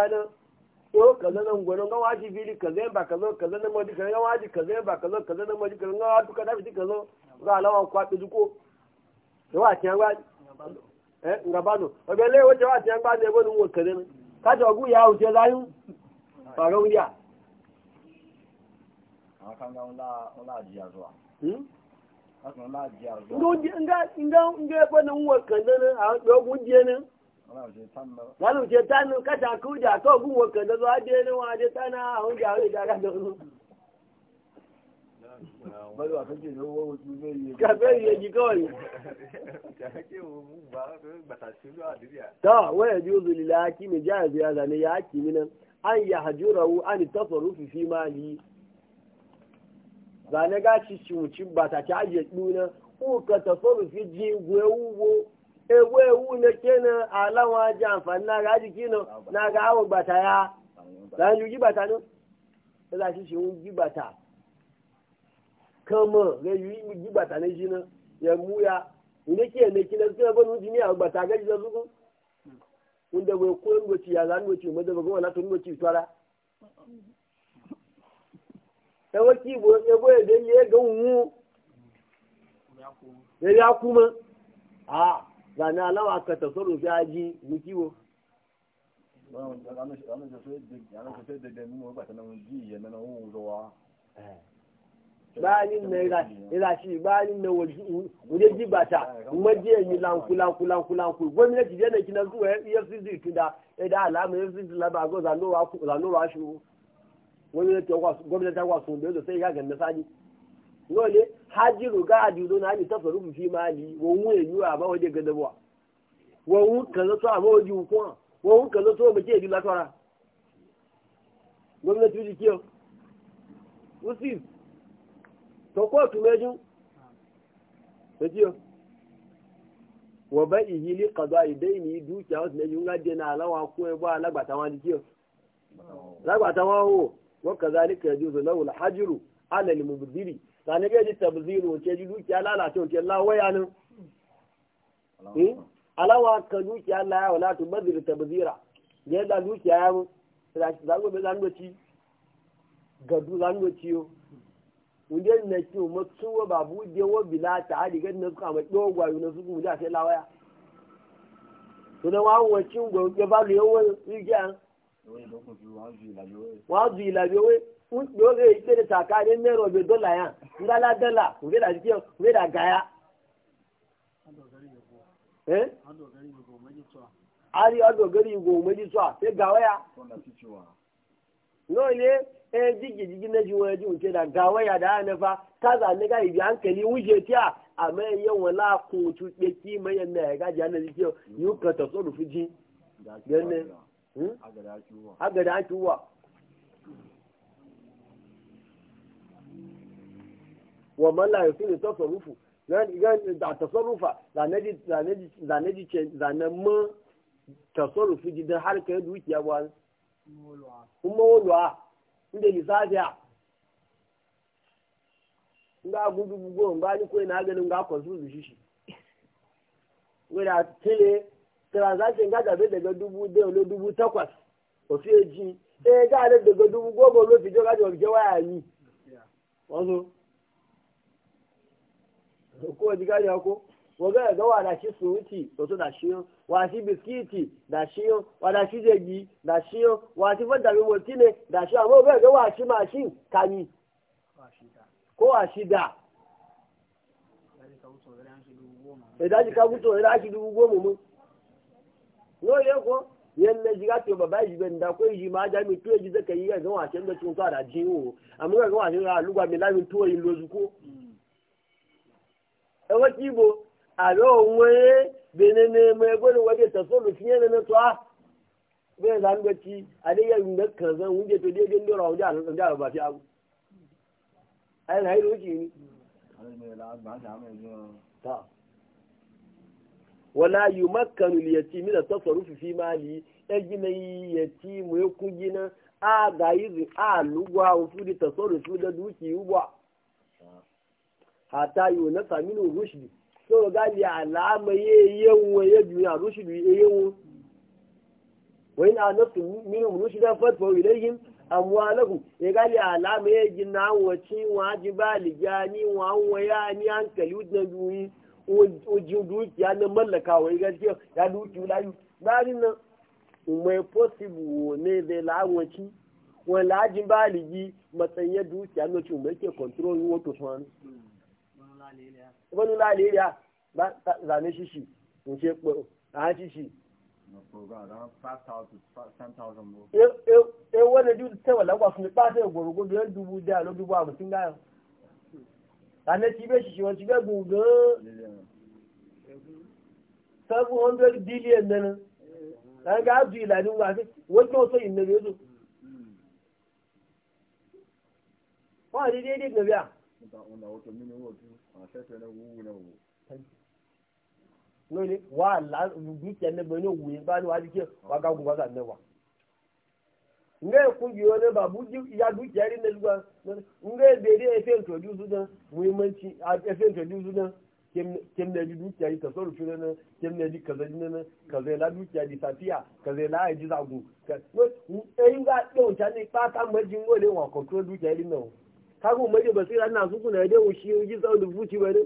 ń ko kaza nan gwanon ga waji bili kaza ba kaza kaza nan waji kaza waji kaza ba kaza kaza nan waji eh, kaza da fiti kaza ga lawan kwaɗi duko da wa eh o wo ne gwanon wo kaza nan ka ta gu ya wuce layu fara wuya a kan ga wala wala jiya nga nga nga wo kaza a zalu ta tanu kata kuja ko gun waka da zuwa je ne waje tana hun ja da ga da ru bari wa kake zo zai yi ka yi kawai ta da adiya zane ya hakimi nan an ya hajurahu an tasarrufi fi mali zane ga shi ba ta ta aje duna ko ka tasarrufi ewu ewu na kenan alawan aji amfani na ga jiki na na ga awon bata ya dan yuji bata no da shi shi yuji bata kama ga yuji bata ne shi na ya muya ne ke ne kina suka ban wuji ne awon bata ga jiki zuku inda bai ko ngoci ya zan ngoci mu da ba wala tun ngoci tsara ta ki bo ya boye da ya ga wu ya kuma a zane alawa ka tasarrufi aji mukiwo báyìí na ìlà ìlà sí báyìí na wòlé jìbàtà mọ́jí ẹ̀yìn lankú lankú lankú lankú gómìnà ti dẹ́nà kí náà efcc kìdá ẹ̀dá àlámù efcc lábàgọ́ zanúwà ṣòwò gwamnati ya kwa wà sùn sai lọ sẹ́yìn àgẹ̀ mẹ́sáájì. wale hajiru ga ajudo na ni tafaru mu fi mali wo mu e yu aba wode gadabo wo wu kaza to aba wode wu kwa wo wu kaza to ba ke ju latara gwamnati ji kiyo usi to ko tu meju to kiyo wa ba'ihi li qada'i dayni dukiya wasu ne yunga de na alawa ko e ba lagbata wa ji kiyo lagbata wa wo wa kazalika yajuzu lahu al-hajru ala al-mubdiri sani bai ji tabziru ce, ji dukiya lalace wace ya nan alawa ka dukiya laya wala tu bazir tabzira da yadda dukiya ya mu zango bai zango ci gadu zango ciyo wunde na ki mu tsuwa babu je wa bila ta hadi ga na suka mai dogwa na su mu da sai lawaya to da wa wacin go ke ba le yo wo yi ga wa zu ila we ɗoge ike da tsakanin naira bai dola ya ngala dala kube da jikin kube da gaya eh ari a gari go maji tsa no ne eh na ji wani ji da gawaya da fa taza ne ga ibi hankali wuje tu ta so rufuji ganne agada akiwa hmm? agada wa. wa malla ya fi tasarrufu da tasarrufa zane ji ce zane ma جدا gidan harkar dukiya ba kuma woluwa inda lissafiya nga gudu gugu nga ni ko na ganin nga konsu shi shi wala tele transaction ga da daga dubu da lo dubu takwas o fi eji e eh, ga da daga dubu gogo lo fi jo ga jo je wa yi wazo ko ji gane ko waga ga wa da shi suwiti to to da shi wa shi biskiti da shi wa da shi jegi da shi wa shi da shi amma ga ga wa shi mashin kani ko a shida da ji ka gutu idan shi dubu goma mun no ye ko yanda to baba yi ben da ko yi ma da mi to ji zaka yi ga wa shi da tun ka da jiwo amma ga wa shi ga lugwa mi la mi to yi lozuko mm. ewe ka igbo ala onwe bene na-eme ebe na waje tasolu tinye na netụ a bene na mgbechi adịghị egwu mgbe kaza nwunye to dị ego ndị ọrụ ndị ndị alụbachi agwụ anyị na-ayịrị uche ni wala yi makanu liyati mina tasarufi fi mali ejina yi yati mu ekun gina a ga yi a lugwa ofu di tasarufi da duki ugwa hata yi wani sami ni rushdi so gali alama ya ye yawo ye duniya rushdi ye yawo wani a nasu minu rushda fatwa ilayhim amwalahu ya gali alama ye gina wace waji baliga ni wa waya ni hankali na duni ojin dukiya na mallaka wai gaskiya ya dukiyu layu ɗarin nan mai possible ne zai lawanci wani lajin baligi matsayin dukiya na cin mai ke control wato sanu ìbọnú láàlẹ́ ìyá bá zàmí ṣíṣì ń ṣe pé àwọn ṣíṣì. ewu ne ju tẹwà lágbà fún mi pàṣẹ ògbòrògbò bí wọn dùbú dé àlọ́ bíbọ àmì tí ń gáyọ. àná tí ibẹ̀ ṣíṣì wọn ti fẹ́ gùn gan-an seven hundred billion nana an ga abu ilani wa fi wajen wato inabe zo hmm. wa ni daidai gabe a lórí wà láàrùbíkẹ́ ẹnẹ́gbẹ́ ní òwúyẹ bá ní wájú kí wágágùn wágà mẹ́wàá nga ekunji wani ba buji ya dukiya rin da zuwa nga bere efe introduce dan muhimmanci efe introduce dan kem na ji dukiya yi tasoro na nan kem na ji kaza ji nan kaza dukiya di safiya kaza la ya ji zagu eyi nga ɗauta ne wa kago maje basira ina suku na da wushi wuji sau da fuci ba ne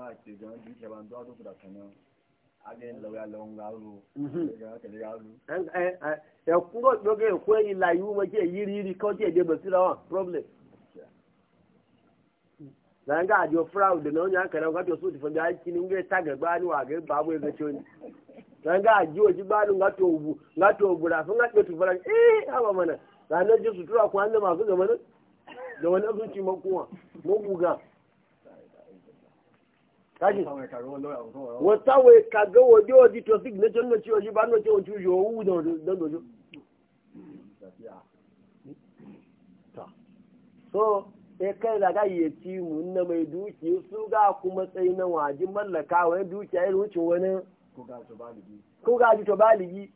a ce ga ya kuwa doge ko yiri ke basira ga ajo fraud da non ya kana ga to su difan da aiki ni ngai taga ba ni wa babu ga choni ajo da wani azuci makuwa maguga kaji wata wai kaga waje waje to sig na canza ciwo shi ba na ciwo ciwo shi wu da wajen da dojo so sai kai da ga yi ci mun na mai duki su ga kuma tsayi na waji mallaka wani duki a irin wucin wani ko ga ji to baligi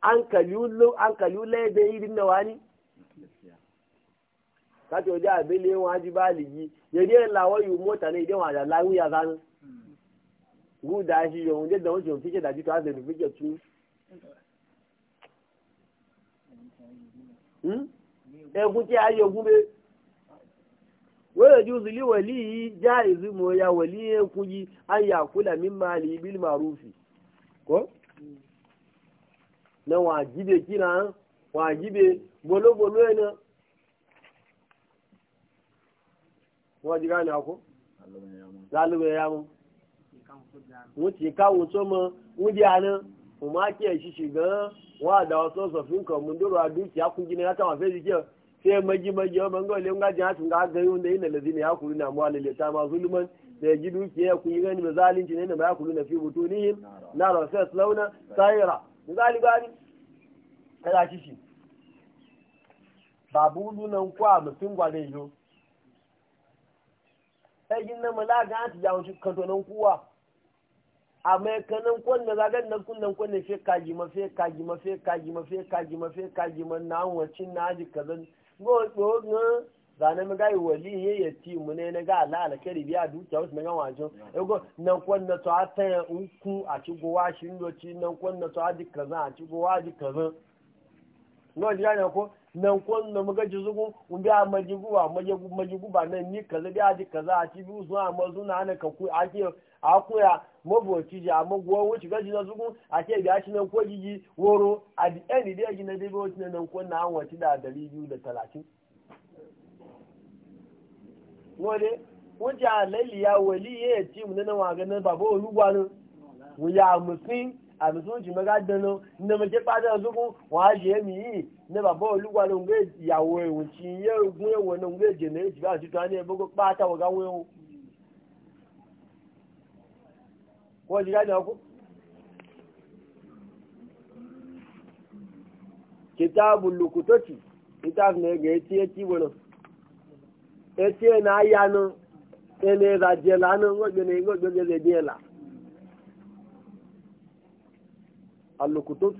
an kalulu an kalulu da irin na wani kati ojú àgbélé wọn ajú báàlì yìí yẹdí ẹ làwọ yìí mọta ní ìdí wọn àjà láwù yà sánú ṣe yọ òun dédé wọn ṣe òun fíjẹ dájú tó á bẹ̀rù fíjẹ tú. ẹkún tí a yọ ogún bẹ wọ́n yóò wẹ̀lí yìí já ya wẹ̀lí ẹkún yìí ayé àkúlà mímọ́ àlè bílí màrúfì kọ́ náà wọ́n àjíbe kí náà wọ́n àjíbe wọ́n ti gánà ọkọ́ lálùwẹ̀ ya mú wọ́n ti káwọn tó mọ wọ́n di àná wọ́n máa kí ẹ̀ ṣiṣẹ́ gan-an wọ́n àdá ọ̀sán sọ fún nǹkan mú dòrò àdúkìá kún jí ní látàwọn fẹ́ẹ́ jẹ́ sai maji maji wa bango le ngaji hatu ga ga yun da inna lazina yakuluna amwalil yatama zulman da ji dukiya ku yi gani zalunci ne ba yakuluna fi butunihim na la saslauna sayra misali gani kada shi babu lunan kwa mutun gwane yo sajin na malaga an ti yawon nan kuwa a mai kanan kwanne ga nan kunnan kwanne fe kaji ma fe kaji ma fe kaji ma fe kaji ma fe kaji ma na wancin na aji kaza go go na zane mi gai wali ye ya ti mu ne na ga ala ala kari biya dukiya wasu na ga wajo e go nan kwanne to a ta uku a ci gowa shi ndo ci nan kwanne to a ji kaza a ci gowa ji kaza no ji yana ko nan ko na muga ji zugu un bi amaji guba maje maji guba nan ni kaza bi aji kaza a ci bi usu amma zuna na ka ku mo bo maboci ji amma go wuci gaji na zugu ake bi aci nan ko gigi woro a di eni dai gina dai bo tin nan ko na an wati da 230 wole wuja lalliya wali ya ci na nan wa ganin babo olugwa nan wuya musin a musulunci maga dano na mace fata zuku wa je mi yi na baba oluwa na ngwe yawo ewunci ya gun ewo na ngwe jenere ti ba ti to ani ebogo pata wa gawo ewo ko ji ne ga ti ti eti na ya no ene da je la no ngwe ne ngwe je de اللقطة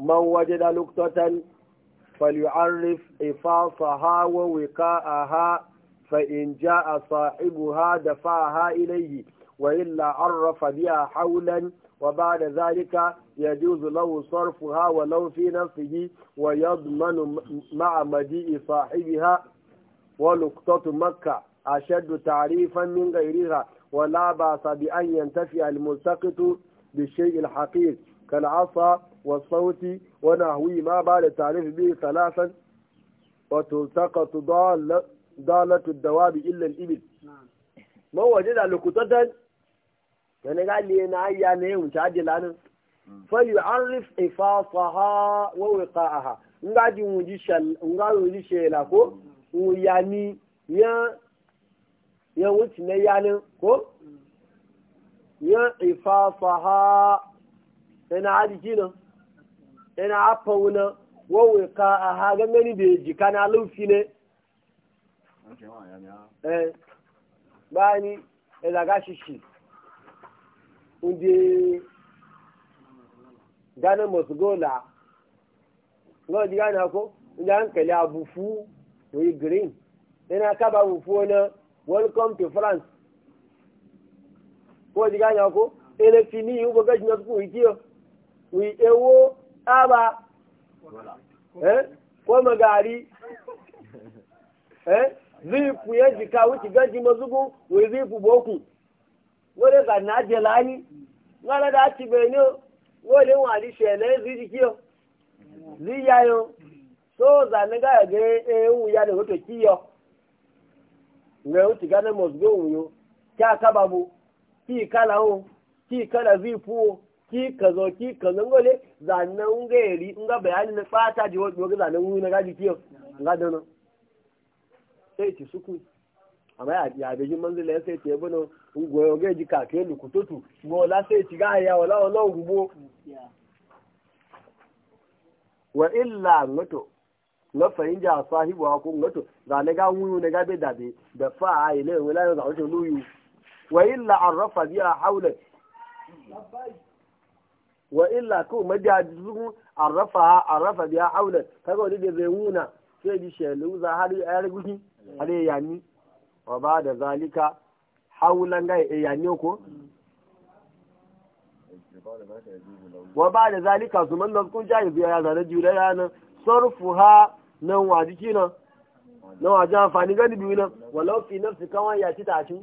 من وجد لقطة فليعرف إفاصها ووقاءها فإن جاء صاحبها دفعها إليه وإلا عرف بها حولا وبعد ذلك يجوز له صرفها ولو في نفسه ويضمن مع مجيء صاحبها ولقطة مكة أشد تعريفا من غيرها ولا بأس بأن ينتفي الملتقط بالشيء الحقيق كالعصا والصوت ونهوي ما بعد التعريف به ثلاثا وتلتقط ضالة, الدواب إلا الإبل ما وجد لكتة يعني قال لي أنا أي عياني ومتعدل عنه فليعرف إفاصها ووقاءها ngaji wuji shal ngaji wuji shela ko wuyani ya ya wuce na yanin ko ya ifafaha yana adiki nan yana afa na wawai ka a hagan gani da jika na lufi ne eh, bani ilaga shishi ndi gana mosgola lọ di gana ko ndi hankali abufu wey green yana kaba abufu na welcome to france ko ji anya ọkụ ele fini yu go gajin su ewo aba eh ko magari eh zifu ya jika wuci gajin mazugu wi bụ okwu wore ga na ajela lani ngala da ci be ni wore wa di shele ziji so za na ga ewu ya e, kiyo ki kala o ki kala zifu ki kazo ki kazo ngole zanan ngeri nga bayani na fata ji wo ga zanan ngi na gaji kiyo nga dono sai ti suku amma ya ya be ji manzila sai ti ebono ngo yo geji ka ke lu kututu ngo la sai ti ga ya wala wala ngubo wa illa ngoto na fahimja sahibu ko ngoto zanan ga wuyu na gabe dabe da fa ile wala za wuce luyu wa'illa an rafa biya haulat wa'illa ko madajin an rafa an kaga wani da zai wuna sai ji shelu har ya rubuci har ya yanni wa ba da zalika haulan ga ya yanni ko wa ba zalika su man nan kun jayi ya zana jure ya nan sarfu nan wa jiki amfani gani biyu nan walau fi nafsi kawai ya ci tashin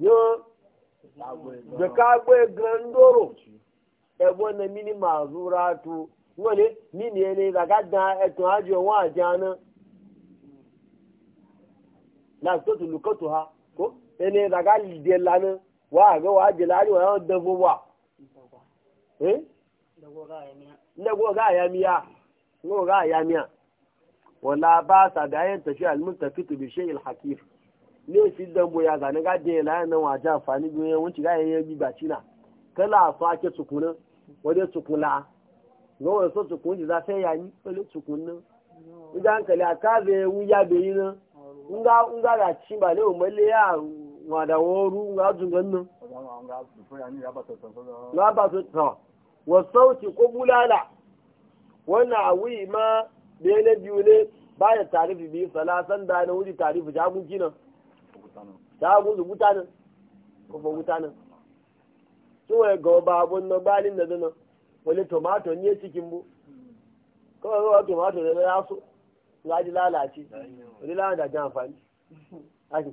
yo da kagbe grandoro ebo na mini mazura tu wani mini ne daga da eto ajo wa jana la to tu lukoto ha ko ene daga lide lana wa ga wa je lari wa da fo wa eh ndago ga ya miya ndago ga ya miya wala ba ta da yin tafi al-mustafitu bi shay'il hakif ní òsì dánbò ya zàní ká dín ìlànà náà wọn fa ni bí wọn ti ráyẹ yẹn gbígbà tí náà kala fa akẹ tukuna náà wọn dé tukùn la wọn wọn sọ tukùn jìdá fẹ yà ní pẹlú tukùn náà nígbà nkẹlẹ àkáàbẹ ewu yá bẹ yín náà nga nga rà tí bà ní òmọlé yà wọn àdà wọn rú nga dùn gan náà. nga bà tó tàn wọn sọ́ọ̀tì kó búláàlà wọn nà àwùyí má bẹ́ẹ̀ lẹ́bi wọlé báyà ta guzu wuta nan kuma wuta nan so ya ga ba abun na balin da dana wani tomato ne cikin bu kawai ruwa tomato da ya so na ji lalace wani lalata jan amfani ake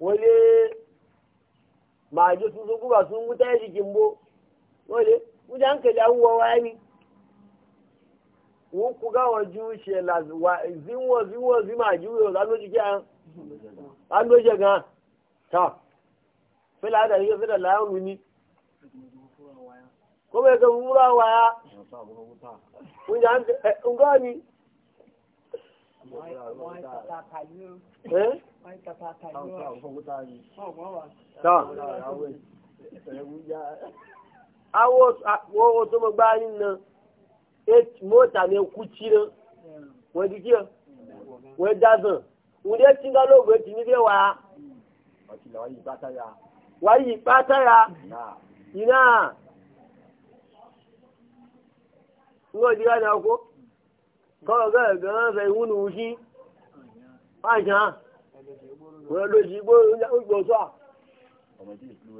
wani maji sun sun kuma sun wuta ya cikin bu wani wuta hankali abubuwa wani wọn kuga wa juṣe la zinwo zinwo zima juyo zanu jikin an doje ga ta na da yi fila layan wuni ko bai eh, ga wura eh? waya kun ji an gani awo wato magbayin nan e, mota ne kuci nan wadda kiyar wadda zan wùdí ẹtí ńgá lóògùn ẹtì níbẹ̀ wá. wá yí pátá ya. iná. ńgọ̀ ìdí ká ní ko, kọ́ọ̀ gẹ́gẹ́ gẹ́gẹ́ fẹ́ ìwúni wùsí. máa jàn. wọ́n lọ sí gbó ojú ọ̀ṣọ́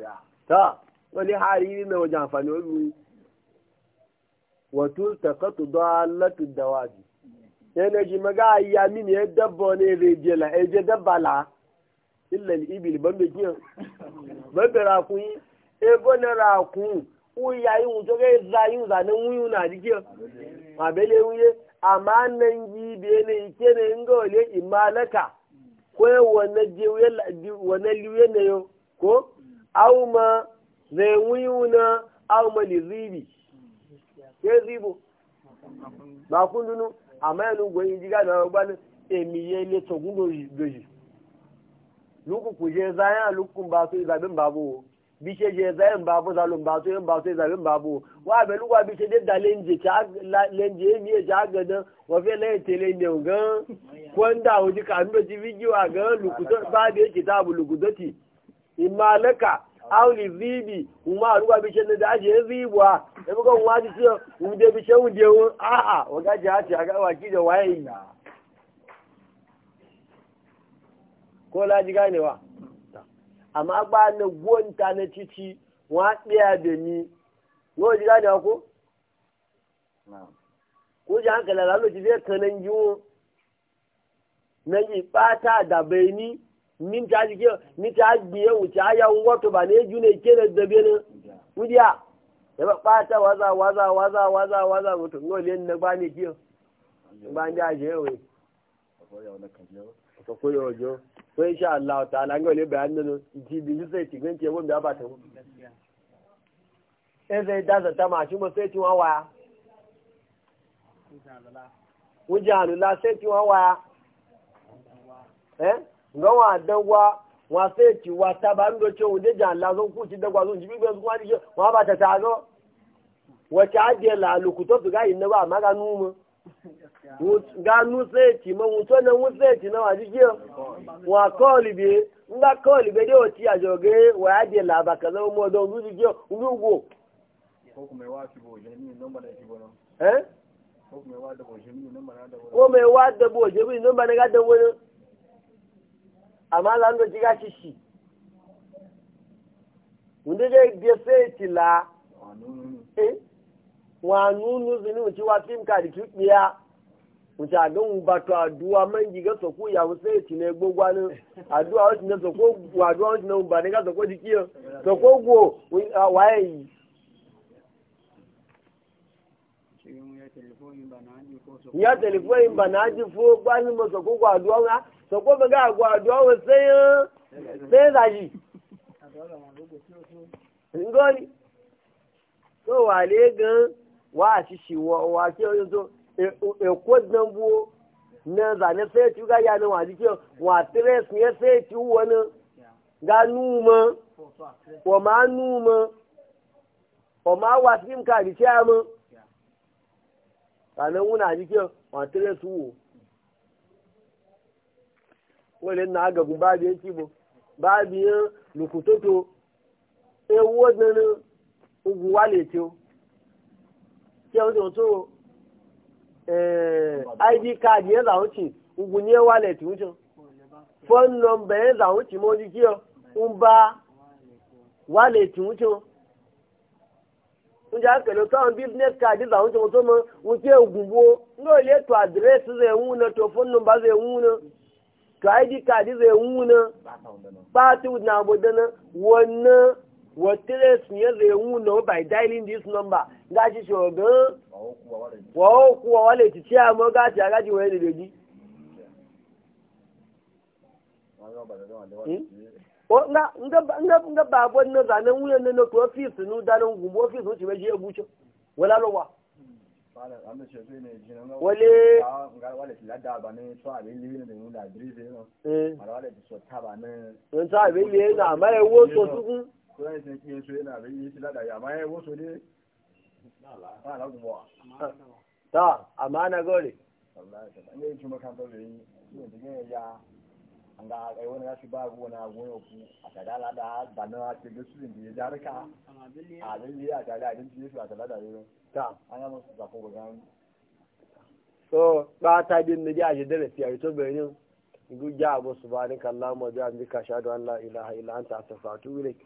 à. tọ́ wọ́n ní hàrí nínú ọjà àǹfààní olùwí. wọ́n tún yana ji maga ayya mini ya e dabba ne rediyo la eje dabba la illa ibili ban e be kiyo ban be rakun e bona rakun u yayi un joge zayin za nan wuyu na dikiyo ma bele wuye amma nan gi be ne ike ne ngole imalaka ko wanne je wanne liwe na yo ko au ma na wuyu na au ma lizibi ke zibo ba kun dunu àmọ́ ẹnu gbọ́ yìí jígá náà gbá ní èmi yẹ ilé tọ̀gún lòyì lókùnkùn yẹ záyà lókùn bá tó ìzàgbé ń bá bò bí ṣe yẹ záyà ń bá bò sálọ ń bá tó ń bá tó ìzàgbé ń bá bò ó wọ́n lókùn àbí ṣe dé da lẹ́ǹjẹ̀ tí èmi yẹ tí a gẹ̀dẹ̀ wọ́n fẹ́ lẹ́yìn tẹ̀lé ní ọ̀gán kọ́ńdà òjì kàmínú ti fíjì wà gán lùkùtọ́ bá kìtàbù lùkùtọ́ ìmọ̀ hauli zibi kuma a daje bishin da aje zibuwa da buga kuma ji ce wunde bishin wun a'a waga ji hace a ga waki da waye ko laji ganewa amma ba na gwanta na cici ni ko ji ko lalo na yi bata da bai ni min ta ji min ta biye ta aya wato ba ne june ke da dabe ne wudiya ya ba bata waza waza waza waza waza wato ngo le ne ba ne kiyo ba ne a je we ko koyo jo ko insha Allah ta'ala ngo le bayan nan ji bi sai ti gan ke won da ba ta mu sai sai da ta ma shi mu sai ti wa waya wujalu la sai ti wa waya eh nga wa dangwa wa sai wa ta ba ndo ce wunde jan la zon ku ci zon jibi gbe kuma dije wa ba tata tago wa ta je la lu ku ba ma ga nu ma mu na mu sai na wa dije wa koli bi nga koli be de o ti ajoge wa je la ba ka zo mo do wa amma za mu shiga shi shi wanda zai biya sai tila wa nunu zini wuce wa ka wuce a gan aduwa man giga soko ya wuce gbogbo ni aduwa wuce ne soko wa aduwa wuce ne ba ne ka soko jiki soko go waye yi. ya telefoni ba na aji fo gbani mo soko aduwa sọ̀kọ́ gbẹ̀gà àgọ́ àdó ọ̀wọ̀ sẹ́yìn sẹ́yìn sàyì. ngọ́ni tó wà lé gan wà àṣìṣì wọ wà kí ọyọ tó èkó dánwó náà zànà sẹ́yìn tí ó gáyà náà wà á kí wà tẹ́rẹ́sì yẹn sẹ́yìn tí ó wọ náà ganu mọ́ wọ́n máa nú mọ́ wọ́n máa wá sí nǹkan àdìsẹ́ àmọ́. Tànà ń wúna àdìsẹ́ wọ́n tẹ́rẹ́sì wale na agagun babi yan kibo babi yan lukutoto ewo dana ogun wale ti o ti o don to eh id card yan la onti ogun ni wale ti unjo phone number yan la onti mo ji ki o un ba wale ti unjo oúnjẹ business card là ń sọ wọn tó mọ wọn tí ègùn wo tó àdírẹ́sì rẹ̀ ń wúna tó fóònù nọmba rẹ̀ ń wúna. to ka card zai wuna batu na bodana wannan watire su ya zai wuna by dialing this number gashi shogan wa oku wa wale ti ci amo gashi a gashi wani leji nga ba wannan zanen wuyan na na to ofis nu dalan gumbo ofis nu ci bai je ya buce wala lawa wale Wale. Wale. abin liye na amma ya wo so tukun ta amma na gore nga eh, wani ya ba ruwa na ku a tadala da ba na ce musulun da ya jarika a lalle a tare a dinci yesu a tare da yau ta an yi musu zafin gudan so ba ta bin da ya ji darasi a yato benin guja abu su ba ni kallon mabiya mika shaɗu an la ilaha ila an ta asafatu ilai